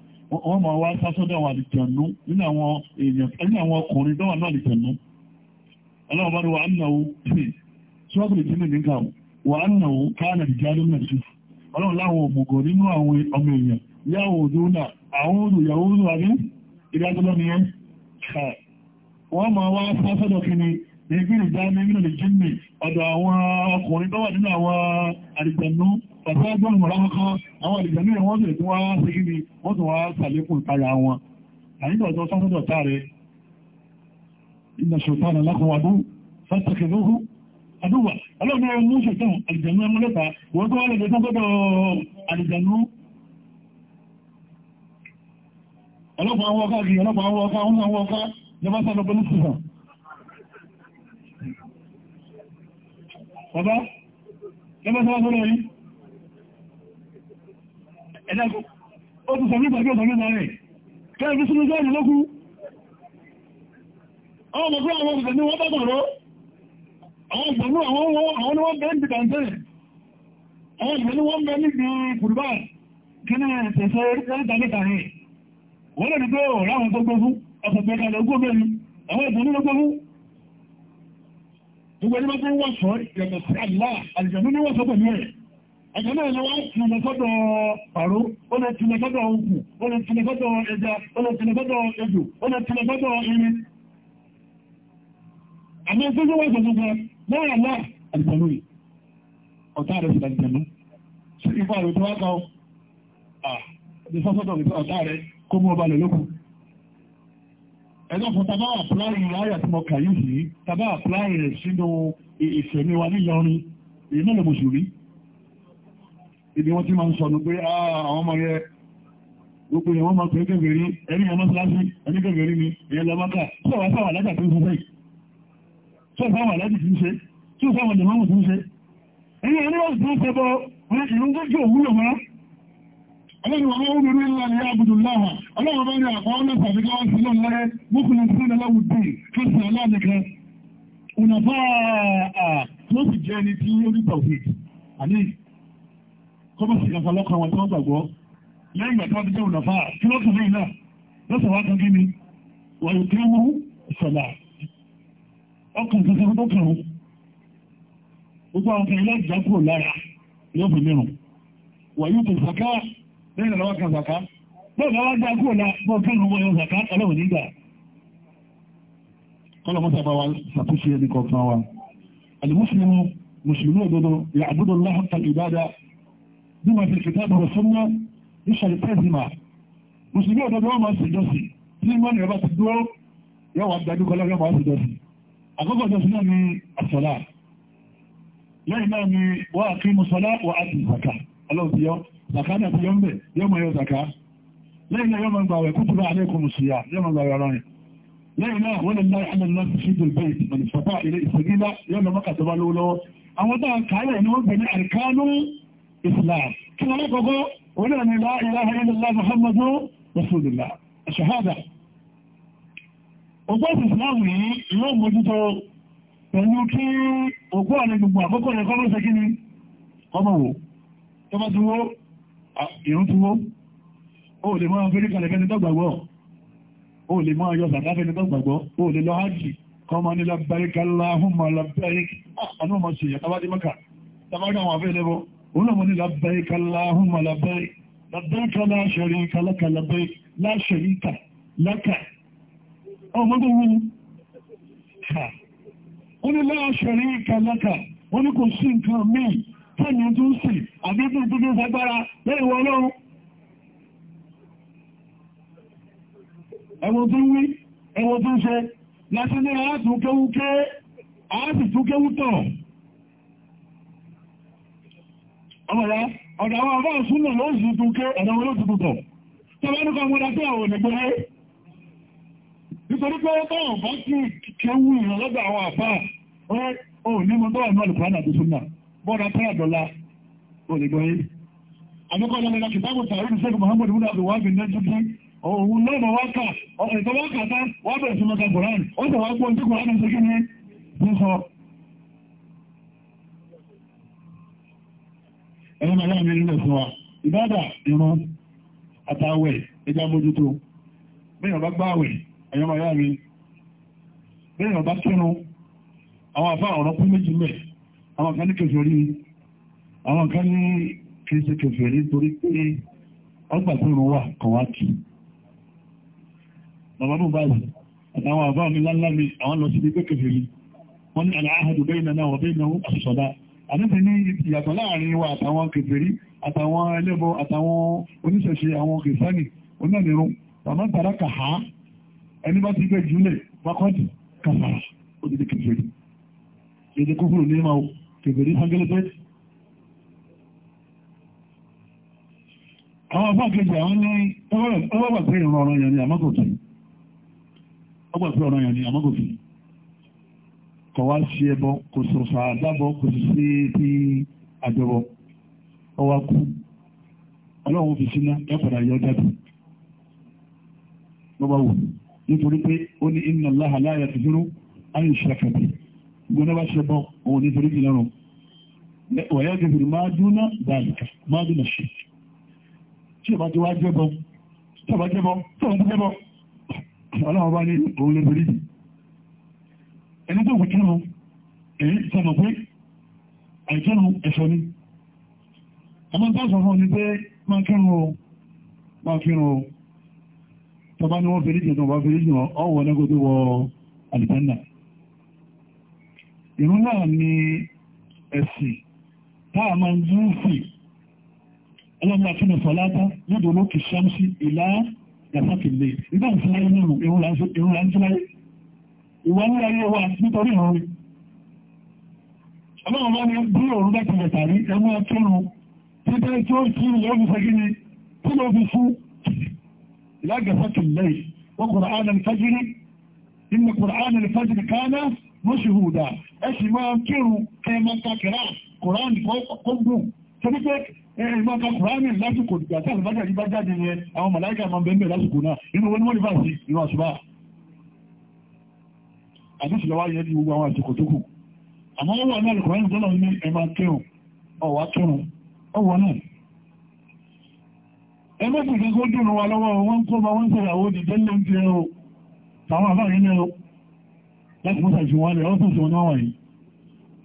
wọ́n máa wá sásọ́dọ̀ àwọn àlìjànú nínú àwọn èèyàn nínú àwọn ọkùnrin tó wà náà àlìjànú ọlọ́run bá ní wàá nàwó ṣọ́ọ̀bù tí mi níkà wàá nàwó káànà ìjálú náà sí ọlọ́run láwọn òmùgọ̀ nínú àwọn ọmọ èèyàn yáwó òjò náà àwọn olùyàwó òjò àbí ìdájọ́lọ́ ni yẹn wọ́n máa wá sásọ́dọ̀ kí ni ìgbìrì jáde nínú lè jíǹnì ọ̀dọ̀ àwọn ọkùnrin tó nínú àwọn àlìjànú àwọn ìgbẹ̀mí wọ́n sì tún wá sí kíni wọ́n tún wá sàlékùn ìpayà wọn àyíkọ̀ọ́tọ́ sọ́sọ́dọ̀ táre iná ṣòtánà lákọwàdú fásitìkìlógún àdúwà ọlọ́run ọmọ mú ṣòtán àlìjànú ọmọlẹ́ta wọ́n tó wá lè gbẹ́sán gbọ́dọ̀ àlìjànú ọlọ́pàá àwọn ọkọ̀ àgbì ọlọ́pàá àwọn ọkọ̀ àwọn àwọn ọkọ̀ lọ́pàá sọ́dọ̀ pẹ̀lú ṣùgbọ́n bàbá lọ́pàá sọ́dọ̀ yìí ẹ̀lẹ́gbọ́ ó ti sọ̀rọ̀ ìgbàgbé ọ̀sọ̀rọ̀ rẹ̀ kẹ́rẹ̀ fi sínú jẹ́ ìlókú àwọn ọmọ fún àwọn ìgbẹ̀mí wọ́n bá sọ̀rọ̀ àwọn ìgbẹ̀mí àwọn ni wọ́n bẹ́ẹ̀ ti kàǹtẹ́ àwọn ìgbẹ̀mí wọ́n bẹ́ẹ̀ níbi kùrùbá kí ní tẹ̀sẹ̀ ẹ̀rẹ́ta mẹ́ta rẹ̀ wọ́n lè rí pé ọ̀rọ̀ àwọn tó gbogbo ọ̀sọ̀ pẹ̀lú ọgbọ́ bẹ́ẹ̀ àwọn ìgbẹ̀mí ló gbogbo gbogbo ẹni bá tó wọ́n sọ ìyàtọ̀ sí àlá àlìjẹ̀mí ni wọ́n sọ pẹ̀lú ẹ̀ ẹ̀yẹ̀ náà lọ wá tìlẹ̀kọ́dọ̀ ọ̀rọ̀ ó lè tìlẹ̀kọ́dọ̀ òkú ó lè tìlẹ̀kọ́dọ̀ ẹja ó lè tìlẹ̀kọ́dọ̀ ejò ó lè tìlẹ̀kọ́dọ̀ irin àmì ìfẹ́jọ́ wọ́n ìfẹ́jọ́ lọ́rọ̀ náà àgbẹ̀lú ọ̀tá rẹ̀ fìlà ìgbẹ̀lú sí ifá rẹ̀ tó wákọ̀ ìfọ́sọ́dọ̀ ọ̀tá rẹ̀ kó mú ọba lè lókù ẹ̀dọ́ fún tàbá àpláì láyà tí mo kà yìí sí tàbá àpláì ibi wọ́n ti máa ń sọ̀nù pé ah, àwọn ọmọ yẹ gbogbo ìwọ́n máa pẹ̀lú kẹfẹ̀ẹ́rí ẹni ọmọ síláṣí ẹni kẹfẹ̀ẹ́rí ni ìyẹn lọ mọ́ta sọ́wọ́ sáwà lájà tó ń ṣe sọ́wọ́ sáwà lájì tí ń ṣe sọ́wọ́ sáwà lẹ́mọ́mù tí ń ṣe ẹni ẹni wọ́n tó ń ṣe bọ́ wọn ìrún tó jẹ́ òwúrọ̀ mọ́ ọlọ́run àwọn obìnrin ńlá ni abdullahi ọlọ́run bá ní àpá ọlọ́ sàfikà wọn sílẹ̀ lọ́yẹ mọ́kùnrin sílẹ̀ lọ́wọ́dé tó sì aláàlẹ́kẹ́ ọ̀nà bá a tó sì jẹ́ ẹni tí ó ní tọ̀fíì kọ́mọ̀ sí kankan lọ́kàn wọn tí wọ́n gbàgbọ́ lẹ́yìn ìgbà tí wọ́n ti jẹ́ ònàfà kí ló tún lẹ́yìn náà lọ́sọ̀ wá kan kí ni wọ́n yóò kéwú ìṣọ̀lá ọkùnrin kankan tó kàn gbogbo àwọn kan ilé ìjà kúrò lára yóò fi mìíràn wọ́n yóò tó zaka lẹ́yìn ìlọ́wọ́ kan zaka bẹ́ẹ̀ lọ́wọ́ gbà kúrò lá bọ́ kẹ́rin wọ́n yóò zaka ọlọ́wọ́ nígbà kọ́lọ́mọ́ sábà wa ṣàtúnṣe ẹni kọ̀ọ̀kan wa alimusulimu musulmi òdodo ya'budu Allah haqqa al-ibada بما في الكتاب والسنة يشهد التزمة مسلمين ọ̀dọ́ wọn máa ń ṣèjọsìn tí wọ́n ní ọba ti dúró yóò wá dájú kọlá yóò máa ń ṣèjọsìn àkọ́kọ́ ìjọsìn náà ni àṣọlá lẹ́yìn náà ni wọ́n àti mọ́sọlá wọ́n àti ìsàkà ọlọ́run ti yọ sàkà náà ti yọ ń bẹ̀ yóò máa yọ sàkà lẹ́yìn náà yóò máa gbà wẹ̀ kútu bá alékùn mùsùlùmí yóò máa gbà wẹ̀ ọlọ́rin lẹ́yìn náà wọ́n islam kí wọ́n lọ́kọ̀ọ́kọ́ orí ọ̀nà ìlà ilaha illallah muhammadu rasulullah ṣahada ọgbọ́n islam yìí yóò mójútó pẹ̀lú kí ògbó àrẹ gbogbo àkókò rẹ̀ kọ́ lọ́sẹ̀ kí ni ọmọ wò tó bá lọ hajj kọmọ ọmọ sí ẹ̀tàwádìí mọ́kà tàbí àwọn àfẹ́ lẹ́bọ́ olóòmọdé labbaik Allahumma labbaik labbaik la sharika laka labbaik la sharika laka ọmọdé wúrú ha ó ní la sharika laka wọ́n ní kò sí nǹkan míì tẹ́ni tó ń sì àbíkún tó tó fagbára lẹ́yìn wọ́n lọ́run ẹwọ tó wí ọmọdá ọ̀dọ̀ àwọn àbá ìsúnà ló ń zùtù ké ẹ̀dọ̀ wọn ló tutù tọ̀ tọ́lọ́dúnkà mọ́dá tí àwọn ònìgbẹ̀rẹ́ nítorí pé ó tọ́wọ̀n bá tí kéwú ìrànlọ́gbà àwọn àfá ó ní mọ́ náà lùkọ́ àdàtì súnà bọ́ọ̀dá ẹ̀rọ náà láàrin nílẹ̀ fún wa ìbádà ìrun àtàwẹ̀ ẹja mójútó bẹ́yàn bá gbáwẹ̀ ẹ̀yọ́ máa yá mi bẹ́yàn bá kírun àwọn àfá ọ̀rọ̀ pín méjì mẹ́ àwọn kan ní kèfèrí àwọn kan ní kìíṣe kèfèrí torí pé ọgbà tó rún wà kàn wá kì bàbá bó báyìí àtàwọn àbá mi láńlá mi àwọn lọ sí ibi pé kèfèrí wọ́n ní àlàáhàdù bẹ́yìn náà wọ́n bẹ́yìn náà àṣọ̀dá àníbi ní ìyàtọ̀ láàrin wa àtàwọn kèfèrí àtàwọn ẹlẹ́bọ àtàwọn oníṣẹ̀ṣe àwọn kìrìsìtẹ́nì onínàdìrún bàbá tàrà kàhá ẹni bá ti gbé jùlẹ̀ pákọ́tì kàfàrà ó ti di kèfèrí èdè kúkúrò ní ìmọ̀ kèfèrí sangẹ́lẹ́tẹ́ àwọn afọ́ kejì àwọn ní ọwọ́ gbà pé ìrọ̀rọ̀ yẹn ni kò wá ṣe ẹbọ kò sọ̀sà àdábọ̀ kò sì sí ti àjọbọ ọwá kú ọlọ́run fi síná ẹ́pàdà yọ jáde ló bá wù nítorí pé ó ní inna Allaha la yaghfiru an yushraka bihi gbọ́nà bá ṣẹbọ òun nítorí jìnà rùn wa yaghfiru ma duna dhalika ma duna shirk tí ìbá ti wá jẹ́bọ tí ìbá jẹ́bọ tí ìbá jẹ́bọ ọlọ́run bá ní òun lè ẹni tó wùkírù èyí sọmọ̀ pé àìkírù ẹ̀ṣọ́ ni ọmọ tó sọ fún ni pé máa kírù o máa kírù o tọba ni wọ́n fèrè jẹ̀tọ̀ bá fèrè jù ọwọ́ lẹ́gbẹ́ tó wọ àlìtẹ́ndà ìrún náà ni ẹ̀sìn táà máa ń zúùfì ọlọ́mọ akínú sọ̀láta lọ́dọ̀ olókè ṣámsí ìlà yàtàkìlẹ̀ nígbà ìfúnláyé nínú ìrún láńtíláyé ìwọ̀n ní ẹyẹ wà nítorí ìrún rí ọlọ́run bá ní bí òun bá ti bẹ̀tà rí ẹmú ọtúnrún títẹ́ tí ó kí ilé òbí fẹ́gíní tí ló fi fún lágàfẹ́kì lẹ́yìn wọ́n Qur'an al-fajri inna Qur'an al-fajri kana mashhuda máa kírun kẹmọ kakẹ́rà Qur'an kọ́gbùn torí pé ìmọ̀ ka Qur'an lásìkò ìgbà tí àlùbájáde bá jáde àwọn màláìkà máa bẹ̀ẹ́ lásìkò náà inú wọn ni wọ́n ní bá sí inú àṣùbà àdíṣì lọ wáyé ní gbogbo àwọn àsìkò tó kù àmọ́ ó wà ní alùkùnrin tó lọ́wọ́ ní ẹmà kẹrùn ọwà kẹrùn ọwọ́ náà ẹgbẹ́ kìí kó dùnú wa lọ́wọ́ wọn kó bá wọn sẹ̀yàwó di tẹ́lẹ̀ ń tẹ́ o tàwọn àbáyé ní o láti mọ́sà ìṣúwọ́lẹ̀ ọ́ sọ̀sọ̀ náà wà yìí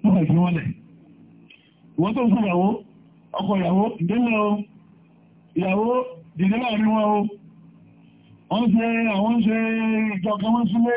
mọ́sà ìṣúwọ́lẹ̀ ìwọ́n tó ń sẹ̀yàwó ọkọ ìyàwó ìdẹ́lẹ̀ o ìyàwó dìde láàrin wọn o wọ́n ṣe àwọn ṣe ìjọ kan wọ́n sílé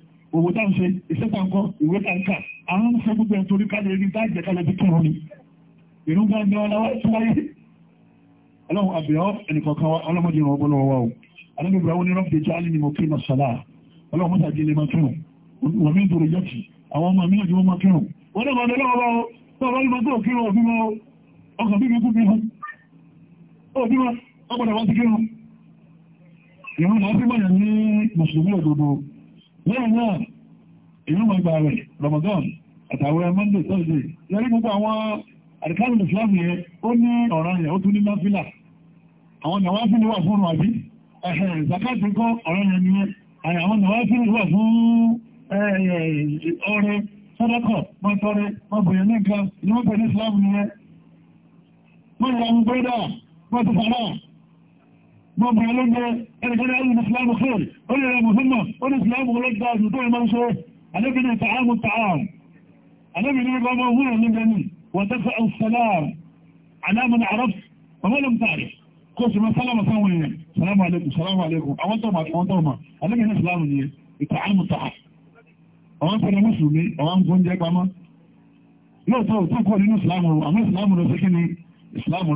òwò tá ń ṣe iṣẹ́ tá ń kọ́ ìwé tá ń kà àwọn ń ṣe gbogbo ẹ̀tọ́rí kálẹ̀ rí tá ìjẹ́ kálẹ̀ bí kẹrùn ni ìrún bá ní ọlọ́wọ́ tíwáyé ọlọ́run àbẹ̀ọ́ ẹnìkọ̀ọ̀kan ọlọ́mọdé ìrànwọ́ bọ́lọ́wọ́ wa o alẹ́gbẹ̀rẹ̀ àwọn onírọ́ bèjì alẹ́ ni mo kí masala ọlọ́run mọ́ta jẹ́ lè máa kírun wọ́n mi dòrò yọ̀tì àwọn ọmọ mi náà jẹ́ wọ́n máa kírun wọ́n náà lọ́dọ̀ lọ́wọ́ o tó ọba ìmọ̀ tó kírun òbí mọ́ ọkàn bí mi kú mi hàn òbí mọ́ ọgbọ̀dọ̀ wọn ti kírun ìrún mọ́ sí mọ̀yàn ní mùsùlùmí òdodo lẹ́yìn náà ìlú mọ̀gbà rẹ̀ Ramadan àtàwọn Monday Thursday yẹrí gbogbo àwọn àdìkálù Islam yẹn ó ní ọ̀ranyàn ó tún ní náfìlà àwọn nàwáfíìlì wà fún àbí ẹ̀hẹ̀ zakati kọ́ ọ̀ranyàn nìyẹn àwọn nàwáfíìlì wà fún ọrẹ sọ́dọ́kọ̀ mọ́tọrẹ mọ́bìnrin nìkan ni wọ́n pẹ̀lú Islam nìyẹn wọ́n yà ń gbọ́dọ̀ wọ́n ti fara mọ́ mọ́ ọlọ́gbọ́ ẹnìkan ẹ̀rù ìsìlámù kẹrì ó lè rẹ̀ mọ̀húnmọ̀ ó ní ìsìlámù ọlọ́gbà àdúgbò ìmọ̀ ṣe alẹ́bìnrin tààmù tààmù alẹ́bìnrin bá mọ́ húrẹ̀ ní gani wọ́n tẹ́fẹ́ ọ̀sálàm alámùn àrọ́f ọmọlọ́m tààrí kó sì máa sálàmà sáwọn èèyàn sàlámù alẹ́kùn sàlámù alẹ́kùn àwọn tọ́mà àwọn tọ́mà alẹ́bìnrin ìsìlámù ni ìtààmù tààmù àwọn fẹ́rẹ̀ mùsùlùmí àwọn gbóúnjẹ pamọ́ lóòótọ́ òtún kọ́ nínú ìsìlámù àmọ́ ìsìlámù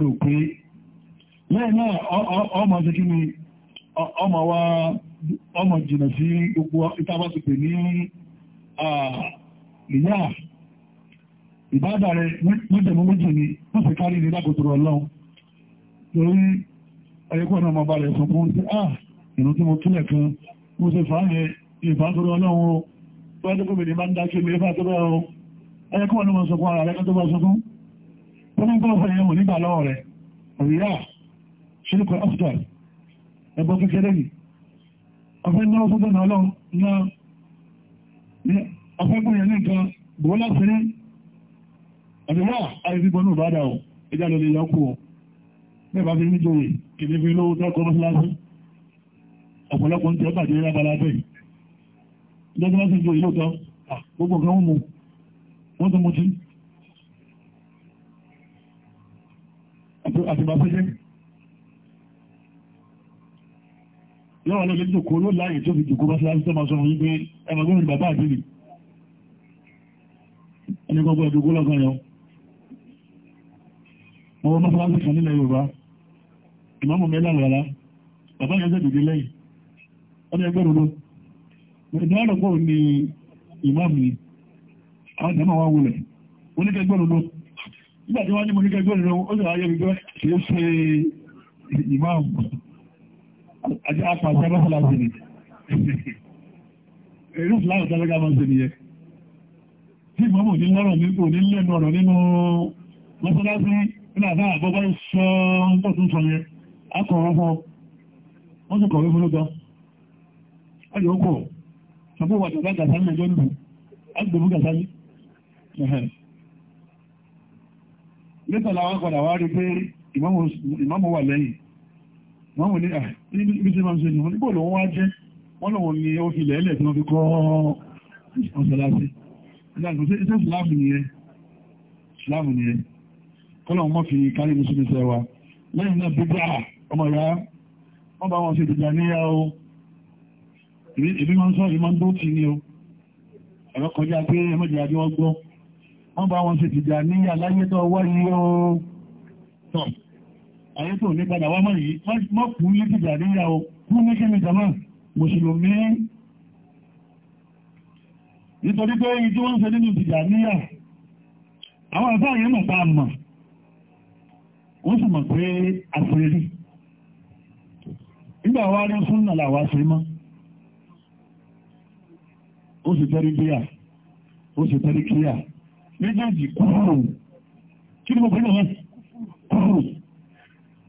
lọ sí kí lẹ́yìn náà ọmọ ṣe kí ni ọmọ wa ọmọ jìnà sí gbogbo ìtàbásùpè ní ìyá ìbádà rẹ̀ mẹ́jẹ̀mú méjì ni wọ́n sì kárí ní lákòtòrò ọlọ́run torí ẹ̀yẹ́kọ́ náà mọba rẹ̀ sọ fún tí à ìrùn tí mo kílẹ̀ kan mo ṣe fàáyẹ ìfàtòrò ọlọ́run o tó wájú gómìnà bá ń dákí mi ìfàtòrò ọlọ́run tó ṣirikọ̀ afdal ẹbọ kékeré yìí ọ̀fẹ́ náà fún bọ́nà ọlọ́run náà ọ̀fẹ́ gbọ́nà ní nǹkan bọ́ láti rí ẹ̀dùnwà àìsígbọ́n ní ìbádà ọ̀ ìjà lọ lè yọkù ọ̀ mẹ́bà fi ní jòyè kìdí fi lówó tọ́kọ mọ́síláṣí ọ̀pọ̀lọpọ̀ ń tẹ́ bàjẹ́ lábala bẹ́ẹ̀ lọ́jọ́ láti jòyè lóòótọ́ gbogbo kan mú wọ́n tó mú tí àti yọ́ wọn lè jòkó ló láyé tó fi jòkó bá síláàrí tó máa sọ wọ́n wípé ẹgbẹ̀gbọ́n ni bàbá àdìrí ẹni gbogbo ẹ̀dùkú lọ́gán yọ ọwọ́ mọ́sálásí kan nílẹ̀ Yorùbá ìmọ́mù mẹ́lá rárá bàbá yẹn sẹ́dìdì lẹ́yìn ọdí ẹgbẹ́ rúrú ìdí àrọ̀pọ̀ ni ìmọ́mù ni àwọn ìdámà wá wulẹ̀ oníkẹgbẹ́ rúrú nígbà tí wọ́n ní mo níkẹgbẹ́ rúrú ó sì wáyé ìgbẹ́ ṣe é ṣe ìmọ́mù àti apàṣẹ mọ́sálà sí ni èrè ìsìláwò tẹ́lẹ́gá máa ń ṣe nìyẹn tí mọ́mù ní lọ́rọ̀ ní kò ní lẹ́nu ọ̀rọ̀ nínú mọ́sálà sí nínú àbá àgbọ́gbá sọ ń pọ̀ tún sọ yẹn akọ̀wọ́ fọ́ wọ́n sì kọ̀wé fúnlógọ́ ọjọ́ ó kọ̀ sọ́bù wà tàbá gàsánì ẹjọ́ nù agbègbè gàsánì lẹ́tọ̀ làwọn padà wá rí pé ìmọ̀mù wà lẹ́yìn wọ́n wọ́n ní ibi ah, tí máa ń ṣe ní ibò lòun wá jẹ́ wọ́n lòun ni ó fi lẹ́ẹ̀lẹ̀ tí wọ́n fi kọ́ ọ̀sẹ̀láṣí iṣẹ́ ìsìláàmù nìyẹn ìsìláàmù nìyẹn kọ́lọ̀ wọ́n fi kárí mùsùlùmí sẹ́ wa lẹ́yìn náà bíbá ọmọ ìyá wọ́n bá wọn ṣe ìdìjà níyà o ìbí máa ń sọ ìmọ̀ ń dóòtì ni o ẹ̀rọ kọjá pé ẹmọ́jẹ̀ àdíwọ́gbọ́ wọ́n bá wọn ṣe ìdìjà níyà láyé tó wáyé o tọ́ ayé tó ní padà wá mọ́rí mọ́ kú ní ti jàríyà o kú ní kí ni jama mùsùlùmí nítorí pé èyí tí wọ́n ń ṣe nínú ti jàríyà àwọn àfá yẹn mọ̀ pa mọ̀ wọ́n sì mọ̀ pé àfẹ́rí nígbà wá rí fún nàlà wá sí mọ́ ó sì tẹ́rí bíyà ó sì tẹ́rí kíyà méjèèjì kúrò kí ni mo pẹ̀lú ọ̀hún kúrò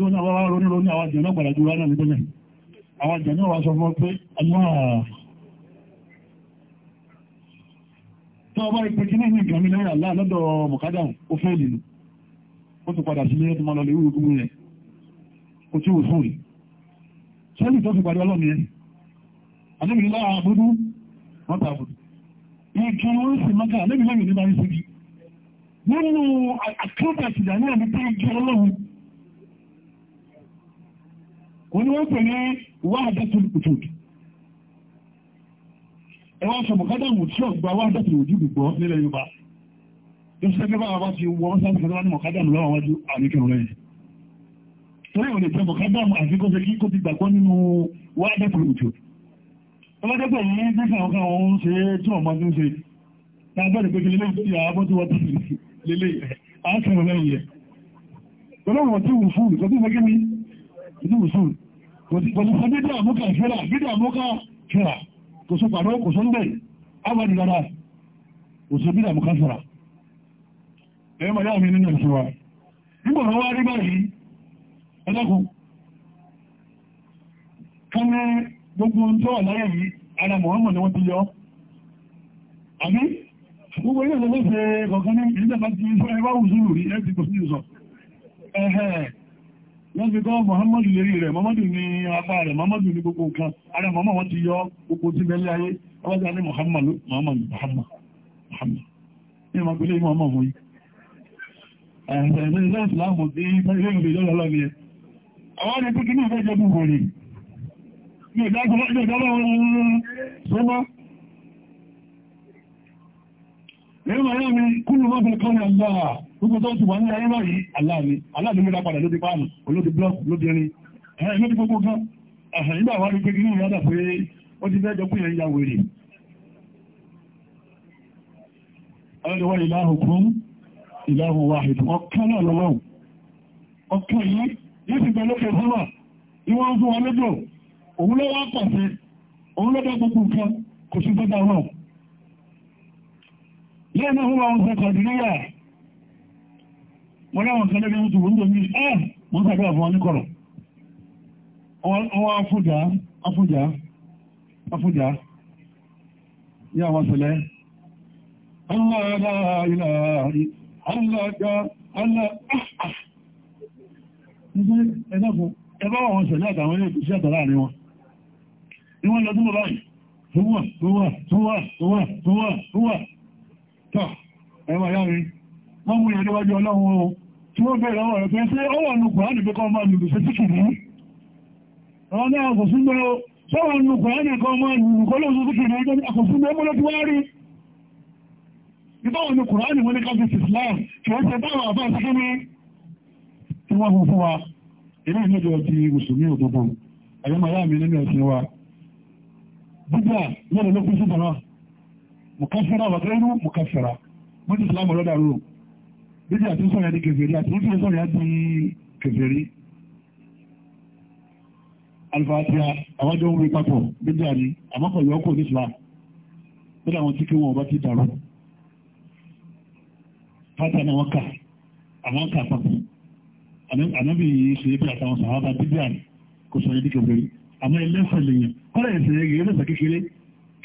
tí wọ́n náà wá ronú ronú àwọn àjọ náà padà jùlọ náà nígbẹ́lẹ̀ àwọn àjọ náà wá sọ fún pé tó ọba ìpè kí ní ìgbàmí lẹ́yìn àlá lọ́dọ̀ mọ̀kádà ó fẹ́ ìlú ó ti padà sí ilé tó máa lọ lè wúrú gúnmú rẹ̀ kò tí ò fún rí wọ́n ni wọ́n pè ní wahdatul wujud ẹwà sọ̀bọ̀kádà mù tí ọ̀gbà wahdatul wujud gbọ́ nílẹ̀ Yorùbá ìṣẹ́gbẹ́ bá wá ti wọ́n sáàtì fẹ́lá ní mọ̀kádà mù lọ́wọ́ wájú àríkẹ̀rọ lẹ́yìn torí òní tẹ mọ̀kádà mù àti kóse kí kó ti gbàgbọ́ nínú wahdatul wujud ọlọ́dẹ́gbẹ̀ yìí ní sàwọn kan òun ṣe tí wọ́n mọ́ tí ń ṣe tàbẹ́rẹ̀ ìlú ìṣù kò sí fẹ́dídà àmúkà ìfẹ́ra dídà àmúkà fẹ́ra kò sí pàdó kò sí ńbẹ̀ àwọn ìdára kò sí dídà àmúkà fẹ́ra ẹ̀yẹ́ mọ̀ yáàmì nínú ìṣù wa nígbà wọ́n wá rí báyìí ẹlẹ́kùn ká ní gbogbo ohun tó wà láyé yìí ara Muhammad ni wọ́n ti yọ àbí gbogbo ilé ìlú ló ṣe kọ̀ọ̀kan ní ìlú wọ́n fi kọ́ Muhammadu lérí rẹ̀ Muhammadu ní apá rẹ̀ Muhammadu ní gbogbo nǹkan ara mọ́mọ́ wọ́n ti yọ gbogbo tí mẹ́lẹ́ ayé ọwọ́dá ní Muhammadu Muhammadu Muhammadu ní ọmọgbélé Muhammadu yìí ẹ̀rẹ̀ ilẹ̀ ìsìláàmù tí ilé ìlú ìjọ́lọ́lọ́ ni ẹ àwọn ẹni pé kí ní ìfẹ́ jẹ́ búburú ni ẹ̀rọ ayé mi kúrò wọ́n bẹ̀rẹ̀ kọ́rọ̀ aláà gbogbo tó ti wà ní ayé báyìí aláàmì aláàdúnmọ́dá padà lóde páàmù olóde blọ́ọ̀kù lóbìnrin ẹ̀rọ ìlú gbogbo gan ẹ̀hẹ̀ nígbà wà ní pé kí ní ìyádà pé ó ti fẹ́ jọ pé ẹ̀yà wèrè ọlọ́dẹ̀wọ́ ìlàhùkún ìlàhùn wàhìdù ọ̀kan náà lọ́wọ́ ọ̀kan yìí yóò ti bẹ lókè fún wa ìwọ̀n fún wa lójò òun lọ́wọ́ pàṣẹ òun lọ́dọ̀ gbogbo nǹkan kò sí fẹ́ lẹ́nu ọmọ àwọn ọ̀sán kọ̀dìríyà wọ́n láwọn kan lẹ́gbẹ̀ẹ́ oṣù wọ́n tó ní ẹ́ wọ́n sàgbà fún wọn ní kọ̀rọ̀ ọwọ́ afújá afújá afújá ní àwọn sẹlẹ̀ ẹgbẹ́ àwọn sẹlẹ̀ àtàwọn ilé ìpìsí àtàrà àrí wọn ni wọ́n lọ tó wà tó wà tó wà tó wà tó wà tọ̀ ẹwà yá rí wọ́n mú ìyẹn níwájú ọlọ́run o tí wọ́n bẹ̀rẹ̀ ọwọ́ rẹ̀ pé ṣé ó wà nùkùn á nìfẹ́ kan máa lùlù sí sí kìí ọ̀rọ̀ náà kò sún bẹ́ẹ̀ o ṣé wà nùkùn á nìkan máa lùlù kó lóòsù sí kìí ẹjọ́ kò sún bẹ́ẹ̀ mọ́lọ́ tí wá rí ìbáwọn nùkùn á nìwọ́n ní káfí Islam kì í ṣe báwọn àbá sí kí ni tí wọ́n fún fún wa ilé ìlẹ́jọ́ ti mùsùlùmí òdodo àyẹ́mọ̀ ayá mi nínú ẹ̀sìn wa gbígbà mẹ́rin ló kún sí bàbá mùkásíra wà gẹ́rù mùkásíra wọ́n ti sàlámù lọ́dà rò bíbí àti sọ̀rọ̀ ya di kèfèrí àti wọ́n ti sọ̀rọ̀ ya di kèfèrí alifatiya àwọn jọ ń wí papọ̀ bíbí àti àmọ́kọ̀ yọ ọkọ̀ nísìlá bí àwọn tí kí wọn ọba ti dàrú pátá náà wọ́n kà àwọn kà papọ̀ ànábì yìí ṣe bí àtàwọn sàhábà bíbí àti kò sọ̀rọ̀ ya di kèfèrí àmọ́ ẹlẹ́sẹ̀ lèyàn kọ́lẹ̀ ẹ̀sẹ̀ yẹn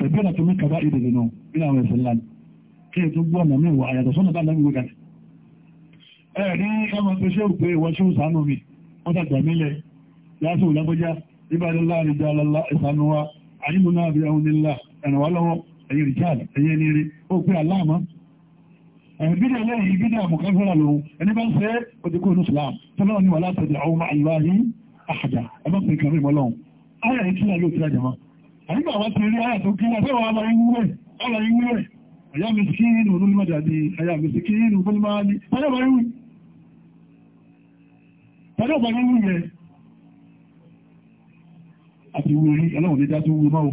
kẹ̀bíọ̀nà tó mẹ́ka bá ìdèdè náà nínú àwọn ẹ̀sẹ̀ ńlá kí ẹ̀ tó gbọ́ ọ̀nà mẹ́wàá àyàtọ̀ sọ́nà bá lẹ́gbẹ̀ẹ́ kalẹ̀ ẹ̀ ní ọmọ tó ṣe òpé ìwọ ṣe òsànú mi wọ́n tàgbà nílẹ̀ yásù lábọ́já ìbádọ́lá àríjá lọ́lá ìsànú wa àyínú náà bí ẹun nílá ẹ̀rànwá lọ́wọ́ ẹ̀yìn richard ẹ̀yẹ ní rí ó pé aláàmọ́ ẹ̀bídẹ̀ lẹ́yìn ìbídẹ̀ àmọ̀kánfẹ́ra lòun ẹni bá ń fẹ́ ó ti kó inú islam tọ́lọ́ àyíkà àwọn ti rí àyà tó kí wọ́n fẹ́wọ́ àmà ìwúrẹ̀ àmà ìwúrẹ̀ àyà mi kí inú olúmọ̀ jàdí àyà mi sí kí inú olúmọ̀ ní tọ́jọ́bà ìwú tọ́jọ́bà ìwú yẹ àti ìwú rí ọlọ́run ní dájú wú máa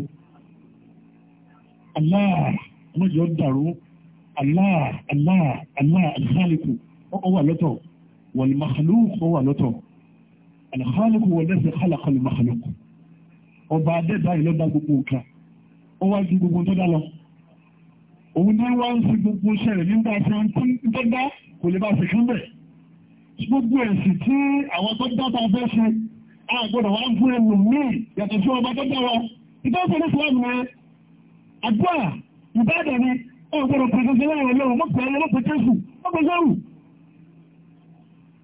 Allah mọ́jọ́ dàrú Allah Allah Allah alhaliku ó wà lọ́tọ̀ wal makhluq ó wà lọ́tọ̀ ọba adẹ́ta ìlọ́dá gbogbo òkà ó wá ju gbogbo tó dá lọ òun ní wá ń fi gbogbo ṣẹlẹ̀ nígbà tí wọ́n tí ń tó dá kò lè bá ṣe kán bẹ̀ gbogbo ẹ̀sìn tí àwọn tó dá ta fẹ́ ṣe àgbọ̀dọ̀ wá ń fún ẹnu míì yàtọ̀ sí ọba tó dá wa ìtọ́sọ̀ ní fúlàmù rẹ àdúrà ìbádà ni ọgbọ̀dọ̀ pẹ̀sẹ̀ lọ́wọ́ ọlọ́run mọ́pẹ̀ ọlọ́pẹ̀ kẹ́sù mọ́pẹ̀ sọ́rù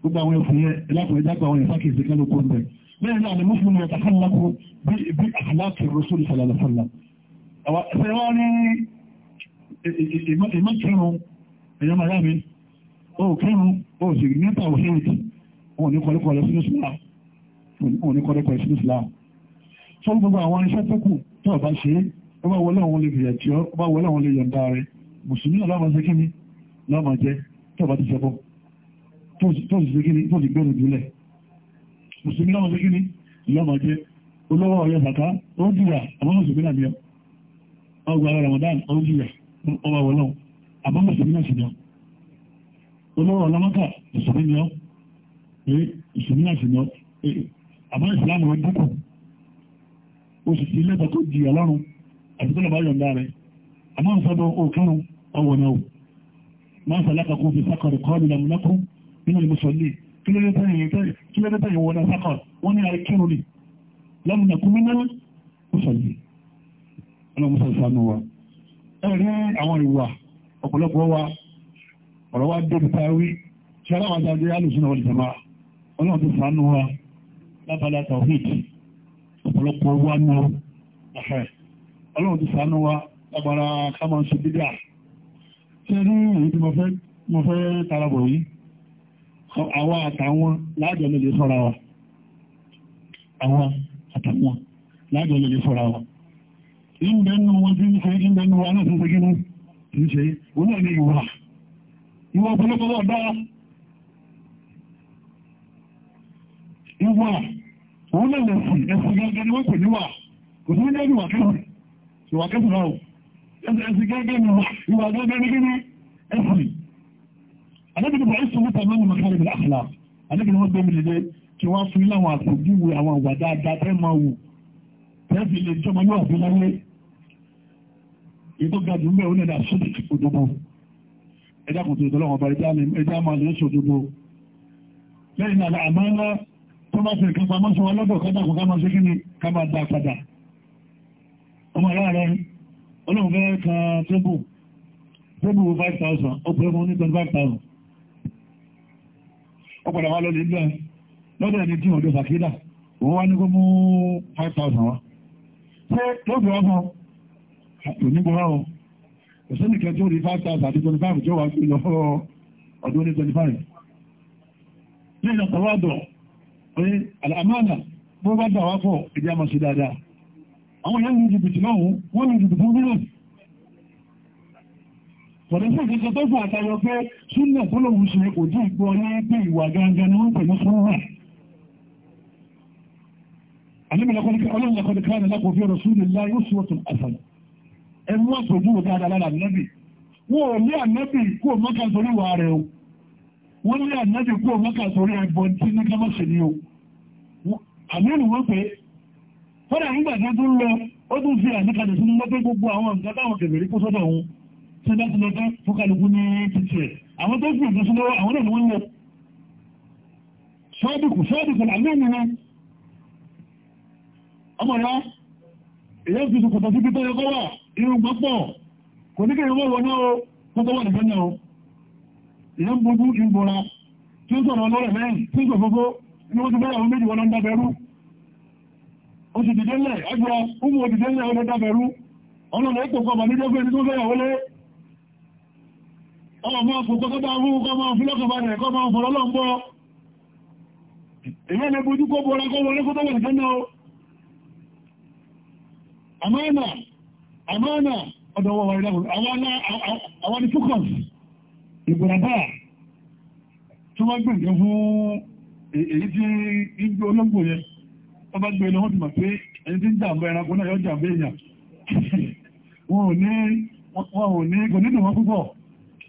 gbogbo àwọn ẹ̀sìn yẹn lápẹ̀ ìdákọ̀ àwọn ìfákèsì kálukú ń bẹ́ẹ̀ náà ni mùsùlùmí ọ̀tà hàlákò bí àhàlákì rọ́sùlù sàlàlàsàlà ṣe wọ́n ní ìmọ̀ kírun èyàn máa rámi ó kírun ó sì nípa òṣèlú wọn ní kọ́lẹ́kọ́lẹ́ sínú islam wọn ní kọ́lẹ́kọ́lẹ́ sínú islam tó gbogbo àwọn iṣẹ́ tó kù tó ọba ṣe ó bá wọlé àwọn olè fìyà tí ó bá wọlé àwọn olè yọ̀ǹda rẹ̀ mùsùlùmí ọlọ́mọ ṣe kíni lọ́mọ jẹ tó ọba ti ṣẹbọ tó sì ṣe kíni tó sì gbẹ́rù jùlẹ̀ mùsùlùmí lọ́mọ sí kíní lọ́mọ jẹ́ olówó ọ̀yọ́ bàtà ó jìyà àmọ́ mùsùlùmí náà bíọ́ ọgbà Ramadan ó jìyà ọba wọlọ́n àmọ́ mùsùlùmí náà sì ni olówó ọlọ́mọ́kà mùsùlùmí ni ọ́ mùsùlùmí náà sì ni ọ́ àmọ́ ìsìlámù rẹ̀ dínkù ó sì ti lẹ́tọ̀ tó jìyà lọ́rùn àti tó lọ́bàá yọ̀ǹda rẹ̀ àmọ́ ìsọdọ̀ òkèrún ọwọ̀ náà máa kílẹ́dẹ́tẹ́ ìwọ̀n náà sákọ̀ wọ́n ní àríkírùn ní lọ́mùnà kúmí náà mọ́sàlì ọlọ́mùsàlì wa ẹ̀rí àwọn ìwà ọ̀pọ̀lọpọ̀ wa ọ̀rọ̀ wa dẹ̀rù parí tí aláwọ̀ adájọ́ alùsùn náà wọ́n jẹ̀má ọlọ́run ti sànú wa lábala tawhid ọ̀pọ̀lọpọ̀ wa nù ọ̀fẹ́ ọlọ́run ti sànú wa lábala kámọ̀ ṣe bídà tí ẹni èyí tí mo fẹ́ tara bọ̀ yìí àwa àtàwọn láàjọ lè lè fọ́ra wa àwa àtàwọn láàjọ lè lè fọ́ra wa ìbẹ̀nu wọn tí ń ṣe ìbẹ̀nu wa náà tún ṣe gínú tí ṣe oní ẹni ìwà ìwà ọ̀pọ̀lọpọ̀lọ dáa ìwà òun lè lè fún ẹ̀sìn gẹ́gẹ́ ni wọ́n pè níwà kò sí gẹ́gẹ́ ìwà kẹfì ìwà kẹfì náà ẹ̀sìn gẹ́gẹ́ ni ìwà gẹ́gẹ́ ni gíní ẹ̀sìn anábìrì bọ̀ ẹ̀sùn nípa mẹ́rin mọ̀kálì bẹ̀rẹ̀ àkàlà anábìrì wọ́n gbẹ́mi lédè kí wọ́n fún ilé àwọn àpòjúwe àwọn àwà dáadáa tẹ́ máa wù tẹ́ fi lè jọmọ yóò àbí láyé ètò ga jù ń bẹ̀ ó nílẹ̀ àṣọ́dì òdodo ẹjá kò tó ìtọ́lọ́wọ́ bá ẹjá máa lè ṣe òdodo lẹ́yìn àlà àmọ́ ńlá tó bá fẹ̀ẹ́ kápá máa sọ wọn lọ́dọ̀ kọ́dà kó ká máa ṣe kí ni ká máa dá padà ọmọ ìyá rẹ kan tébù tébù 5000 ó pẹ́ fún ní 25000 ọ̀pọ̀lọ̀ wa lọ́lẹ̀ ilé lọ́dọ̀ ẹni tí wọ́n lọ fàkídà wọ́n wá ní kó mú 5,000 wá tó fi wọ́n fún onígbọ́nà ọ̀ òṣèlú kẹjọ rí 5,000 àti 25 jọ wà sí lọ ọdún ní 25 ní ìlọ tọwádọ̀ pé bó bá dà wá fọ̀ ìdí àmọ̀ dáadáa àwọn yẹn ń jìbìtì náà wọ́n ń jìbìtì fún bílíọ̀nù Kọ̀dọ̀ sí ìṣẹ́ṣẹ́ tó fún àtàyọ pé súnlẹ̀ tó lòun ṣe kò jí ìgbọ́ ní pé ìwà gangan ni wọ́n pè ní súnwà. Àníbìlẹ̀kọ́dẹ̀ káàdì lápò fi ọ̀rọ̀ súnlẹ̀ láyé ó síwọ́tò àfàn. Ẹmú àpòjú wò dáadáa lára nẹ́bì. Wọ́n ò lé ànẹ́bì kó mọ́kà sórí wà rẹ̀ o. Wọ́n lé ànẹ́bì kó mọ́kà sórí ẹbọ tí ní kámọ́ sí ni o. Àmínú wọ́n pé, kọ́dà nígbà tó tún lọ, ó tún fi àníkalẹ̀ sínú lọ́pẹ́ gbogbo tó bá ti lọ tán fún kálukú ní títí ẹ̀ àwọn tó sì ìgbésí lọ́wọ́ àwọn náà ni wọ́n lọ sọ́ọ̀dùkù sọ́ọ̀dùkù làmì ẹ̀mí wọn ọmọ rẹ èyí fi sùn kọ̀tọ̀ síbi tó yẹ kọ́ wà irun gbọ́pọ̀ kò ní kéwọ́ wọn náà ó tọ́tọ́ wà nìkan náà ó èyí ń bojú ìbora tí ó sọ̀rọ̀ ọlọ́rẹ̀ mẹ́rin tí ó sọ fọ́fọ́ ni wọ́n ti bẹ́rẹ̀ àwọn méjì wọn lọ́n dábẹ̀rú ó sì dìde ńlẹ̀ ẹgbẹ́ ọmọ òdìdé ńlẹ̀ ọlọ́dábẹ̀rú ọlọ́rẹ̀ ètò kọ́ ọmọ fòkọ́kọ́bá ọmọ ọmọ fúlọ́kọ̀bá rẹ̀ kọ́ máa fọ̀rọ̀ lọ́gbọ́ ìwọ́n lè bojú kó bọ́ra kọ́ wọlé kó tọ́wọ̀ o àmánà àmánà ọdọ̀wọ̀ wà ìlàkùn àwọn ìfúkọ̀s ìgbòràbá tó wá gbẹ̀gbẹ̀ fún èyí tí ń gbé olóngbò yẹn tó bá gbé lọ́wọ́ ti mọ̀ pé ẹni tí ń jàmbá ẹranko náà yọ jàmbá èèyàn wọn ò ní kò nínú wọn púpọ̀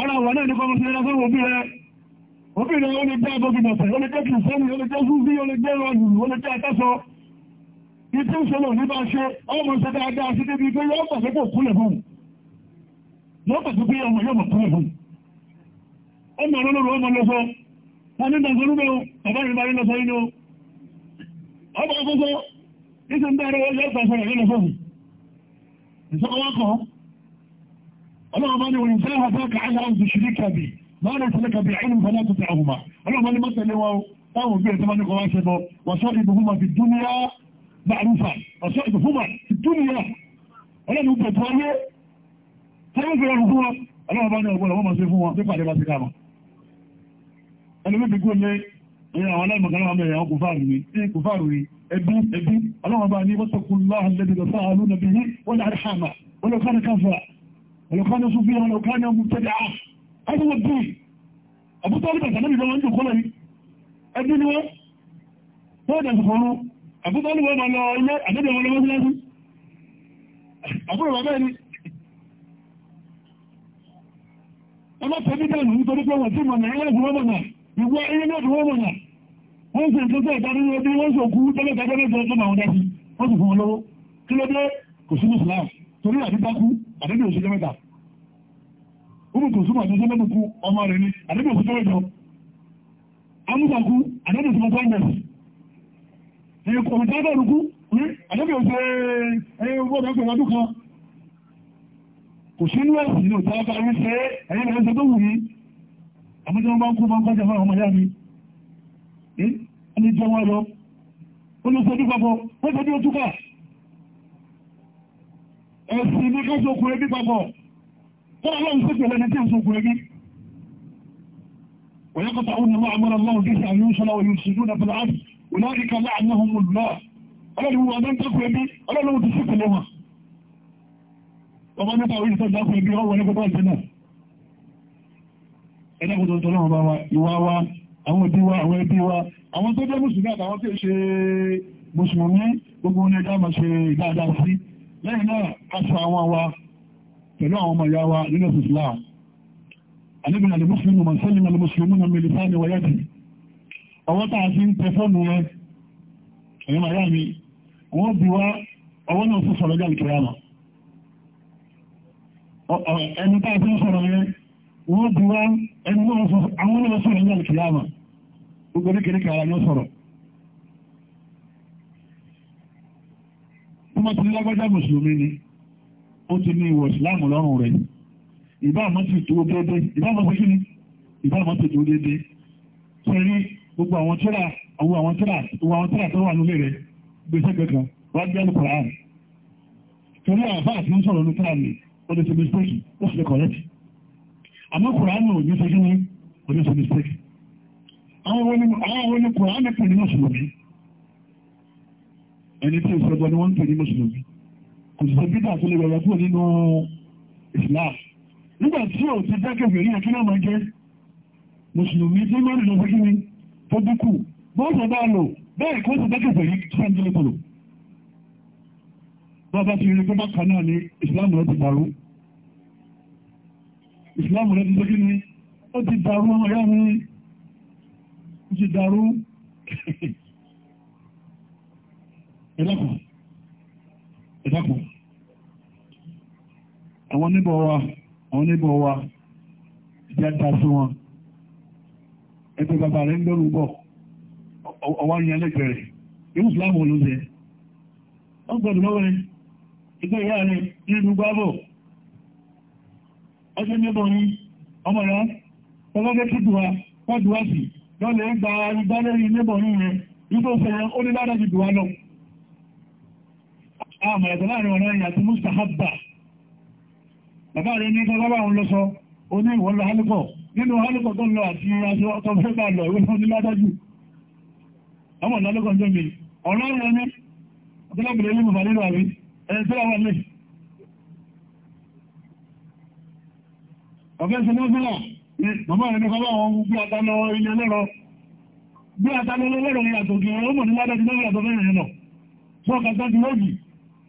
ara wà náà ní kọmọ sí ẹran fún òbí rẹ̀ òbí rẹ̀ lè jẹ́ abọ́gbìmọ̀sẹ̀ ó lè jẹ́ kìrìsẹ́nì ó lè jẹ́ súnfí ó lè jẹ́ ìrọ̀lù ó lè jẹ́ àtẹ́sọ ìtí ìṣẹ́lẹ̀ òní bá ṣe ọmọ ìṣẹ́ dáadáa sí débi pé yọ́ pàṣẹ kò kúlẹ̀ fún yọ́ ọlọ́ọ̀bá ni òyìn sáà àbáka aláàzù ṣìríkà bí lọ́rọ̀ ìtẹ́lẹ́kà bí àìrùn fọ́lá tó ta àhùmá ọlọ́ọ̀bá ni mọ́tẹ̀lẹ́ wọn táwọn òbí ẹ̀tọ́ bá ní kọwàá ṣẹbọ wọ́sọ́ ìbùhùmà fi dúnìyà bàrúfà wọ́sọ́ ìbùhùmà fi dúnìyà ọlọ́ọ̀bá ni ọgbọ̀n àwọn ọmọ sí fún wọn pípàdé bá ti káàmà ẹlùmí gbogbo ní àwọn aláìmọ̀kánlá àmì ẹ̀yàn kùfààrù ní kùfààrù ní ẹbí ẹbí ọlọ́wọ́n bá ní wọ́n tọ́kùnlá àlẹ́bìdọ̀ sáà lónà bí wọ́n ní àríhàmà olókàrí káfà ويقال سفيان لو كان مبتدعا هذا هو الدين أبو طالب النبي لو عنده خلل الدين هو هذا الخلو أبو طالب وما لا إلا النبي ولا ما لازم أبو العبادي أما تبدأ أنه طريق لهم أتم أن يعرف ومنا يقوى إيمان ومنا wọ́n sì ń tó tẹ́ ìdarí ẹbí wọ́n sì òkú tẹ́lẹ̀ tẹ́lẹ̀ tẹ́lẹ̀ tẹ́lẹ̀ àwọn dájú wọ́n sì fún wọn lọ́wọ́ kí ló dé kò sí mùsùlùmí torí àdídákú àdébí òṣèjọ́ mẹ́ta ọmọdé òṣèjọ́ mẹ́ta ọmọdé kú ọmọ rẹ̀ ní àdébí òṣèjọ́ mẹ́ta amúsàkú àdébí òṣèjọ́ mẹ́ta ní kọ̀mọ̀tà bẹ́ẹ̀rùkú ní àdébí òṣèjọ́ kò sí ní ẹ̀sìn ní òtá bá rí ṣe ẹ̀yìn ẹ̀ṣẹ́ tó wù ní àmójẹ́ wọn bá ń kó bá ń kọjá fún àwọn ọmọdé mi ẹni jẹ́ wọn lọ ó lọ sọ́dún papọ̀ ó sọ́dún ẹ̀sìn ní ká sókùn ẹbí papọ̀ kọ́nà lọ́n sókùn lẹ́ni tí ń sókùn ẹbí wọ́yẹ́kọ́ta ọ̀nà máa mọ́ra lọ́wọ́ bí i àyún sọ́lá oyún sí lónà pẹ̀lú àbí olóríkà láàrín ọmọ lọ́ ọlọ́run wọn ń gbogbo ní ẹjọ́ àmọ̀ ṣe sí lẹ́yìn náà aṣọ àwọn wa pẹ̀lú àwọn ọmọ ìyá wa nínú Islam alẹ́bìn alẹ́mùsùlùmù mọ̀ sẹ́yìn alẹ́mùsùlùmù mọ̀ mẹ́lẹ̀ sáà ni wáyé jì ọwọ́ tàà sí ń tẹ fọ́ọ̀nù rẹ ẹ̀yìn màá yá mi wọ́n bí wá ọwọ́ náà fún sọ̀rọ̀ jáde kìláàmà ẹni tàà sí ń sọ̀rọ̀ rẹ wọ́n bí wá ẹni náà fún sọ̀rọ̀ jáde kìláàmà gbogbo ní kìrìkìrì ara sọ̀rọ̀ ọmọ ti lágbájá mùsùlùmí ni ó ti ní ìwọ̀ ìsìláàmù lọ́rùn rẹ̀ ìbáàmọ́ tó déédé ìbáàmọ́ kí ni ìbáàmọ́ ti tó déédé sẹ́rí gbogbo àwọn tíra àwọn àwọn tíra àwọn tíra tó wà nílé rẹ̀ gbèsè kankan wọ́n gbé alùpùpù ààrùn torí àbá àti ń sọ̀rọ̀ ni ó lè ṣe mistake àwọn wọn ni kùránù pè ẹni tí ìṣẹ́gbọ́ ni wọ́n ń pè ní mùsùlùmí kò sì sọ bídà tó lè wẹ̀rẹ̀ kúrò nínú Islam nígbà tí ò ti dákẹ́ fèrè yẹn kí náà máa jẹ́ mùsùlùmí tí máa nìlọ fún kíni tó dínkù bọ́ọ̀sọ̀ bá lò bẹ́ẹ̀ kó sì dákẹ́ fèrè sáńdílé kòlò bọ́ọ̀bá ti rí pé bákan náà ni Islam rẹ̀ ti dàrú Islam rẹ̀ ti sọ kíni ó ti dàrú ọmọ yá mi ó ti dàrú ẹ̀dàkùn ẹ̀dàkùn àwọn níbọ̀ wa àwọn níbọ̀ wa jẹ́ ta sí wọn ẹgbẹ́ bàbá rẹ̀ ń lọ́rùn bọ̀ ọwá ní alẹ́gbẹ̀ẹ́ rẹ̀ irú ìsìláàmù olóòzẹ́ wọ́n gbọ́dọ̀ lọ́wọ́ rẹ̀ ẹgbẹ́ ìyá rẹ̀ nínú gbábọ̀ ọjọ́ níbọ̀ ní ọmọ rẹ̀ ọlọ́gbẹ́ tó àmà ẹ̀tọ́ láàrin ọ̀rọ̀ ẹ̀yà tí mustahabba bàbá rẹ̀ ní kọ́lọ́bà ń lọ sọ ó ní ìwọ̀n lọ hálùkọ̀ nínú hálùkọ̀ tó lọ àti aṣọ ọkọ̀ fẹ́bà lọ ìwé fún ọmọ ni bàbá rẹ̀ ní kọ́lọ́ àwọn gbé àtàlọ ilé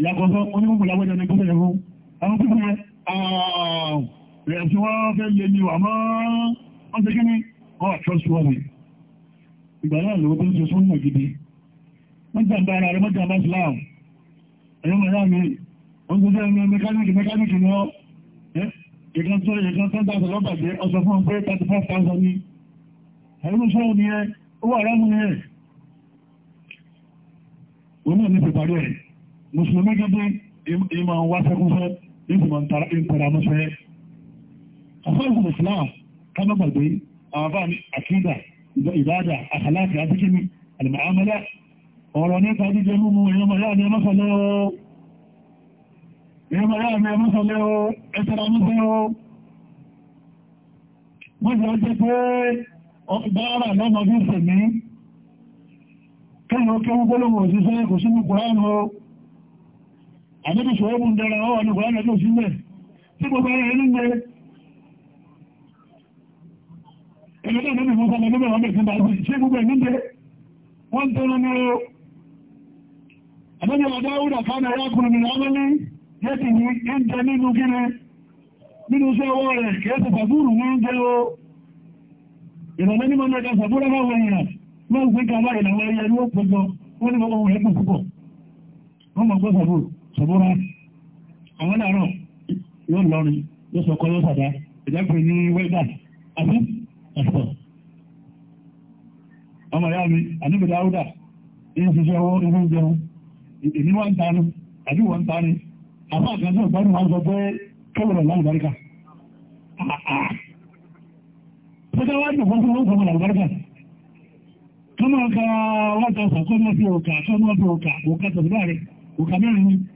ìyàkọ̀ọ́sọ́ onígbùgbù láwọ́jọ́ ní gómìnà fún àwọn pípọ̀ ẹ̀ẹ̀sùn wọ́n fẹ́ yẹ ni wà máa wọ́n ṣe kí ní ọwà trustworthy ìgbà náà lọ́wọ́ tó ń ṣe súnmọ̀ gidi mọ́jàmbá ara rẹ̀ mọ́jàmbá Islam ẹ̀yọ́ mọ̀ láàmì wọ́n tó fẹ́ mẹkáníkì mẹkáníkì ni wọ́n ìkan tó ìkan tó dáṣọ lọ́bàjẹ́ ọsọ fún pé 35,000 ni ẹ̀rọ sọ́ọ̀ ni ẹ owó àrámù ni ẹ òun náà ní pẹ̀pàrí ẹ̀ mùsùlùmí gidi a wá sẹ́kúnṣẹ́ ìsìmọ̀ ìtàràmọ́sẹ́ afẹ́kùn islam kánábàgbé àbá àkídà ìbádà àkàláàfẹ́ àtíkíní alìmọ̀ámọ́lá ọ̀rọ̀ nípa jíjẹ múmú ìyọmọ̀lá ni ẹmọ́sọ̀lẹ́ o ẹtàràmọ́sẹ́ o wọ́n yọ jẹ́ pé ọgbára lọ́mọdún sẹ̀mí kẹ́yìn ó kẹ́ àmìbí ṣòwòbù ń dára ọwọ́ nípa ẹ̀nà tó sílẹ̀ tí gbogbo ara ẹni gbé ẹgbẹ́ ìlú ìfún sọmọ nígbà wọn bẹ̀rẹ̀ bá gbé ṣé gbogbo ẹ̀mí gbé wọ́n tẹ́lọ ní o àbẹ́jọ́ adáwùdà kánà arákùnrin mi lábẹ́ ní yẹ́tì ní ẹ̀ǹtẹ́ nínú kíni nínú iṣẹ́ ọwọ́ rẹ̀ kẹ́ẹ̀sì fàbúrù ní ń jẹ́ o ìrọ̀lẹ́ ní mọ́nà ẹ̀ka sàbúrà máa wọ ìyàn lọ́n sí kàwá ìlànà ẹ̀yẹ ní ó pẹ̀gbọ́ wọ́n ní mọ́ àtọ̀bọ́ra àwọn láàárọ̀ yóò lọrin yóò sọkọ yóò sàdá ìjápẹ̀ ní wẹ́dà àti ẹ̀fọ́ ọmọ ìyá mi àníbẹ̀dá áúdà ní ṣiṣẹ́ owó ní fún jẹun èmi wá ń ta ni àbí wọ́n ń ta ni àbá àkànṣe ìgbàlù wọn sọ pé kẹ́wọ̀rọ̀ lálùbáríkà pẹ́kẹ́ wá jù fún fún wọn sọmọ lálùbáríkà kọ́mọ̀ ọ̀ka wọ́n ta sàkọ́mọ́ sí òkà sọ́mọ́ sí òkà òkà tẹ̀síbáre òkà mẹ́rin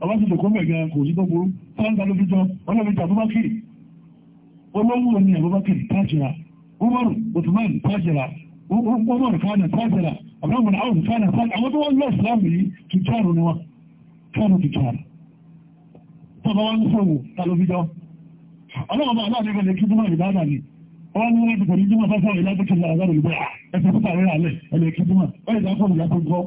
ọba ti lòkó mẹ́gẹ́ kò yí gbogbo tọ́lá ló fi jọ ọlọ́mìta abúbákìrì olówó ni abúbákìrì tájìrà umaru otumani tájìrà umaru kánà tájìrà abrahamu na awọn kánà tájìrà àwọn tó wọ́n lọ ìsìlámù yìí tìtàrù ni wọn kánà tìtàrù tọba wọn sọwọ ta ló fi jọ ọlọ́wọ́ bá aláàdé kan lè kí jùmọ̀ ìbáàdà ni wọ́n ní wọ́n ti pẹ̀lú jùmọ̀ fáfọ́ ìlàjẹ́kẹ̀lẹ̀ àgbàrò ìgbà ẹ̀fẹ̀ fúta rẹ̀ alẹ́ ẹ̀lẹ́kí jùmọ̀ ọ̀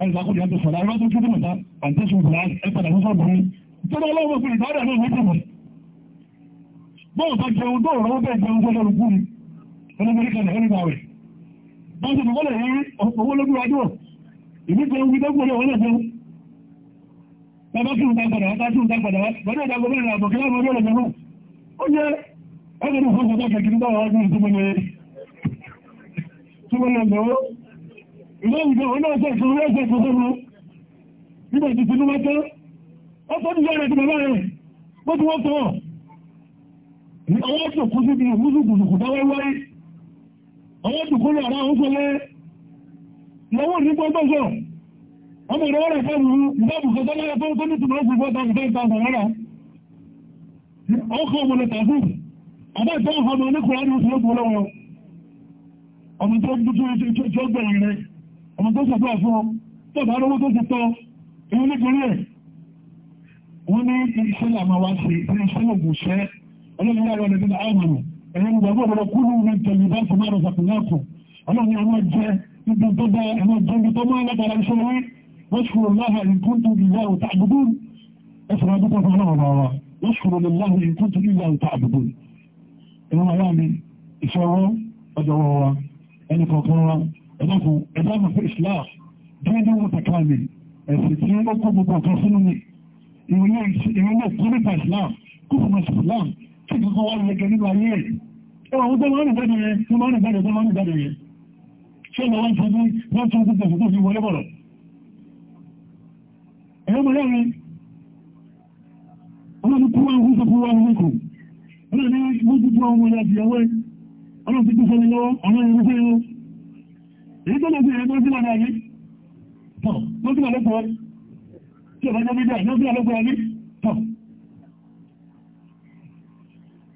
ẹgbàkúndì àti sọ̀rọ̀ ẹgbẹ́ tó kíkọ́ mọ̀ta àti ṣùgbọ́n ẹgbàdà tó sọ̀rọ̀ mi tó bá lọ́wọ́ fún ìdáàdà náà wọ́n tẹ̀wọ̀ bọ́ọ̀ bá jẹun tó rọ́wọ́ bẹ́ẹ̀ jẹun tó lọ́rùn kú ni olóògbé kan ẹ̀rọ ìgbà rẹ̀ bá ṣe tó wọ́lẹ̀ yẹn owó lójú wájú ọ̀ ìbí jẹun bí dẹ́gbọ́n lọ́wọ́ lọ́jọ́ bàbá kí n ta gbàdà wá kí n ta gbàdà wá bàdà ìdá gbogbo ìrìn àbọ̀ kí láwọn ọmọ ọlọ́jọ́ náà ó yẹ ẹgbẹ̀rún fún ọjọ́ kẹkiri bá wà ní ìtumọ̀ yẹn túbọ̀ ilé ìgbẹ̀ olóòjẹ́ ìṣòro lọ́jẹ́ ìṣòro lọ nígbà ìdíje ló wájọ́ ó tó ní yára ti bàbá rẹ̀ bó ti wọ́n tọ́ ní ọwọ́ tó kú síbi ìmúsùkùsùkù dáwọ́ wáyé ọwọ́ tó kú lọ ara ó sọlẹ̀ lọ́wọ́ ní gbọ́gbọ́gbọ́ ọmọ ìrọwọ́ rẹ̀ fẹ́ rú ìbábùkọ́ tọ́lá tó tó ní tùmọ̀ ó fi fọ́ tàbí fẹ́ tàbí rárá ọkọ̀ ọmọ lọ tàbí àbá ìtọ́ ọmọ oníkùnrin ó ti lọ́gbọ̀n lọ́wọ́ ọmọ tó gbẹ̀yìn rẹ̀ ọmọ tó sàdúrà fún ọ tó bá lówó tó ti tọ́ ìwọ́n nítorí ẹ̀ wọ́n ní iṣẹ́ làmà wá sí ní iṣẹ́ ògùnṣẹ́ ọlọ́run yára ọ̀nà ìdílé àmàlù ẹ̀yìn ìgbàgbọ́ ọ̀rọ̀ kúrú ní tẹ̀lé bá fún márùn sàkùnláàkù ọlọ́run àwọn jẹ́ ibi tó bá ẹ̀mọ́ jẹ́ ibi tó máa lábára iṣẹ́ lórí wọ́n ṣùgbọ́n láhà ìkúntù ìyá òtà ẹ̀dàkùn ẹ̀dàkùn fún islam díẹ̀dẹ̀ wọ́n tàkà tí ó kó gbogbo ọ̀kan sínú mi ìrìn náà islam kó islam kí kankan wá lẹ́gẹ̀ nínú ayé ẹ̀ tó máa ń jáde tó máa ń jáde yẹn ṣé ọ̀nà wọn ti ní wọ́n tún gbogbo ọ̀sán tó fi wọlé bọ̀rọ̀ èyí tó lè fi èrè mọ́sílẹ̀ náà ní tàn mọ́sílẹ̀ lọ́pọ̀ rí tí ọ̀rọ̀ jẹ́ mídíà mọ́sílẹ̀ lọ́pọ̀ rí tàn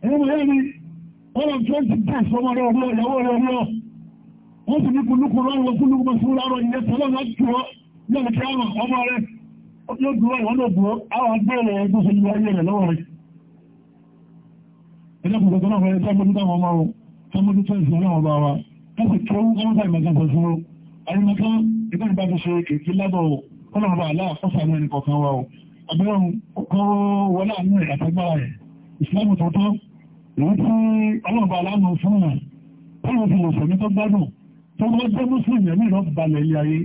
ẹ̀rọ mọ̀ yẹ́ ni ọ̀rọ̀ tó ti dà sọmọ rẹ̀ ọ̀rọ̀ ìyàwó rẹ̀ ọ̀rọ̀ wọ́n sì tọ́lọ́ náà jù ọ́ lọ́nà kí ọmọ ọmọ rẹ̀ yóò dúró ìwọ́n ló àwọn agbẹ́rẹ̀ ẹgbẹ́ sọ ìwọ́ ayé rẹ̀ lọ́wọ́ rẹ̀ ẹ̀dẹ́kùn gbogbo náà fẹ́ sọ́mọdún táwọn ọmọ wọn sọ́mọdún tó tọ́sí kí ó ń gbọ́n báyìí mẹ́gbẹ́ gbọ́súró arímọ́tán ìgbẹ́ ìbá ti ṣe kìkì lábọ̀ ọlọ́run bá aláà fọ́sà ní ẹnì kọ̀ọ̀kan wa o abẹ́rùn kọ́ wọlé àánú rẹ̀ àtẹ́gbára rẹ̀ ìsìlámù tó tọ́ èyí tí ọlọ́run bá aláàánú fún wọn tọ́lọ́run ti lè sẹ̀mí tó gbádùn tó bá jẹ́ mùsùlùmí ẹ̀mí lọ balẹ̀ ilé ayé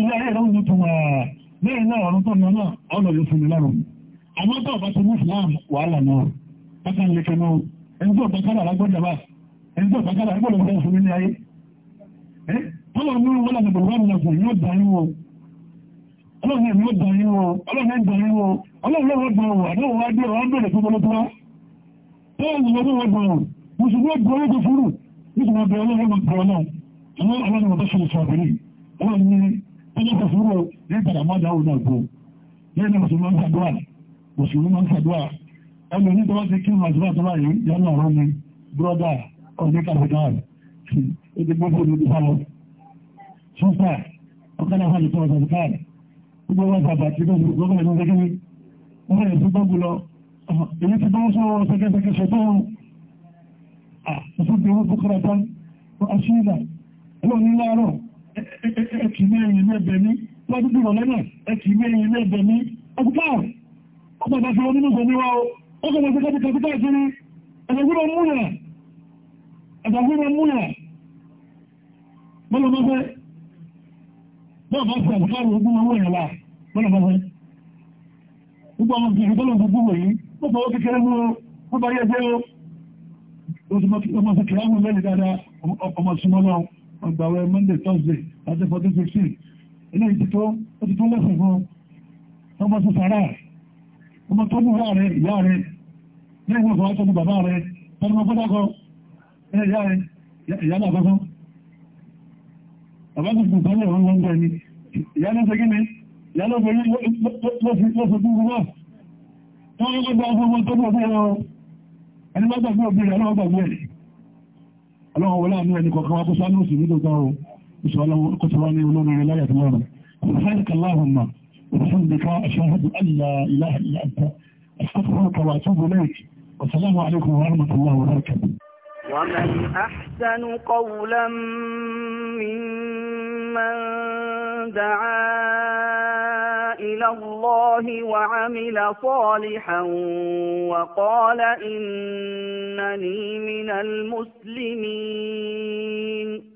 ilé ayé rẹ̀ ń tún wà bẹ́ẹ̀ náà ọ̀run tó náà ọlọ́ yóò fún mi lọ́rùn àmọ́ tó ọ̀bá ti mú ìsìlámù wàhálà náà bákan lè kẹ́nu ẹni tó ọ̀bá kára lágbọ́dọ̀ báyìí ẹni tó ọ̀pàkálà ẹgbọ́n lọ́wọ́ fẹ́ ṣúrí ní ayé tọ́lọ̀ ní wọ́n láti bọ̀wọ́ àwọn ọ̀sán yóò darí wọn ọlọ́run ẹ̀mí ó darí wọn ọlọ́run ẹ̀mí darí wọn ọlọ́run lọ́wọ́ gbọ́n wọn àdáwọ̀ wá dé ọ̀rọ̀ bẹ̀rẹ̀ fún ọlọ́tọ́ tọ́lọ̀ ní wọ́n wọ́n gbọ́n wọn mùsùlùmí ó gbọ́n lókè fúrù nítorí ọbẹ̀ ọlọ́run ọmọ gbọ́n náà àwọn ọlọ́run ọba ṣe lè sọ àbẹ̀rẹ̀ ọ̀gbẹ́ta bùdáàrù ibi gbogbo ní ìfàlọ́ ṣọ́fà ọ̀kadà fàlẹ̀ tó ọ̀sán káàdì gbogbo wọn bàbà tí ó gbogbo ọmọ ẹ̀sán gẹ́gẹ́ wọ́n rẹ̀ tó gbọ́gbù lọ èyí ti bọ́ sọ ṣẹ́gẹ́sẹ́gẹ́ ṣẹ̀tọ́ ọ̀sán bí wọ́n búkọ́ra tán aṣílà wọ́n ní láàárọ̀ ẹ̀kì mẹ́rin lẹ́bẹ̀ ní lọ́dún dùn lọ́nà ẹ̀kì mẹ́rin lẹ́bẹ̀ ní ọgbà ọgbà bá fi wọn nínú sọ níwá o ó sọ ẹ̀dàgbọ́nà múlẹ̀ mọ́lọ̀mọ́fẹ́ bọ́ọ̀bọ́ sọ̀rọ̀ ogun owó ìrìnlá mọ́lọ̀mọ́fẹ́ gbogbo ọmọ ìgbìyànjú bọ́lọ̀ gbogbo wòyí ó bọ́ kékeré mú ó bá yẹ́ jẹ́ ọmọ ìkìlá mú lẹ́lẹ̀ dáadáa ọmọ súnmọ́lọ́ ọgbàwẹ́ Monday Thursday láti 1416 ilé ìtìtò ó ti tó lẹ́sìn fún ọmọ sí sàárà ọmọ tó mú rẹ̀ ìyá rẹ̀ lẹ́yìn ọkọ̀ ẹ̀yà rẹ̀ ìyálà àkọ́kọ́ àbákùnkùn sọ́lọ̀ wọn wọ́n gbẹ̀ ni ìyálà ṣe gíní ìyálà obìnrin lọ́sọ̀ gúgbù náà tó ń gbogbo ọgbogbo tó gbogbo ẹ̀rọ ẹni bá gbàgbé obìnrin ọlọ́wọ́ gbàgbé ẹ̀ ọlọ́wọ́ wọlé àánú ẹni kọ̀ọ̀kan wa kó sánú sí nílò gbà ó ìṣọ́ ọlọ́wọ́ kó sọ wá ní olórin rẹ̀ láyà tó lọ́rọ̀ سبحانك اللهم وبحمدك أشهد أن لا إله إلا أنت أستغفرك وأتوب إليك والسلام عليكم ورحمة الله وبركاته ومن أحسن قولا ممن دعا إلى الله وعمل صالحا وقال إنني من المسلمين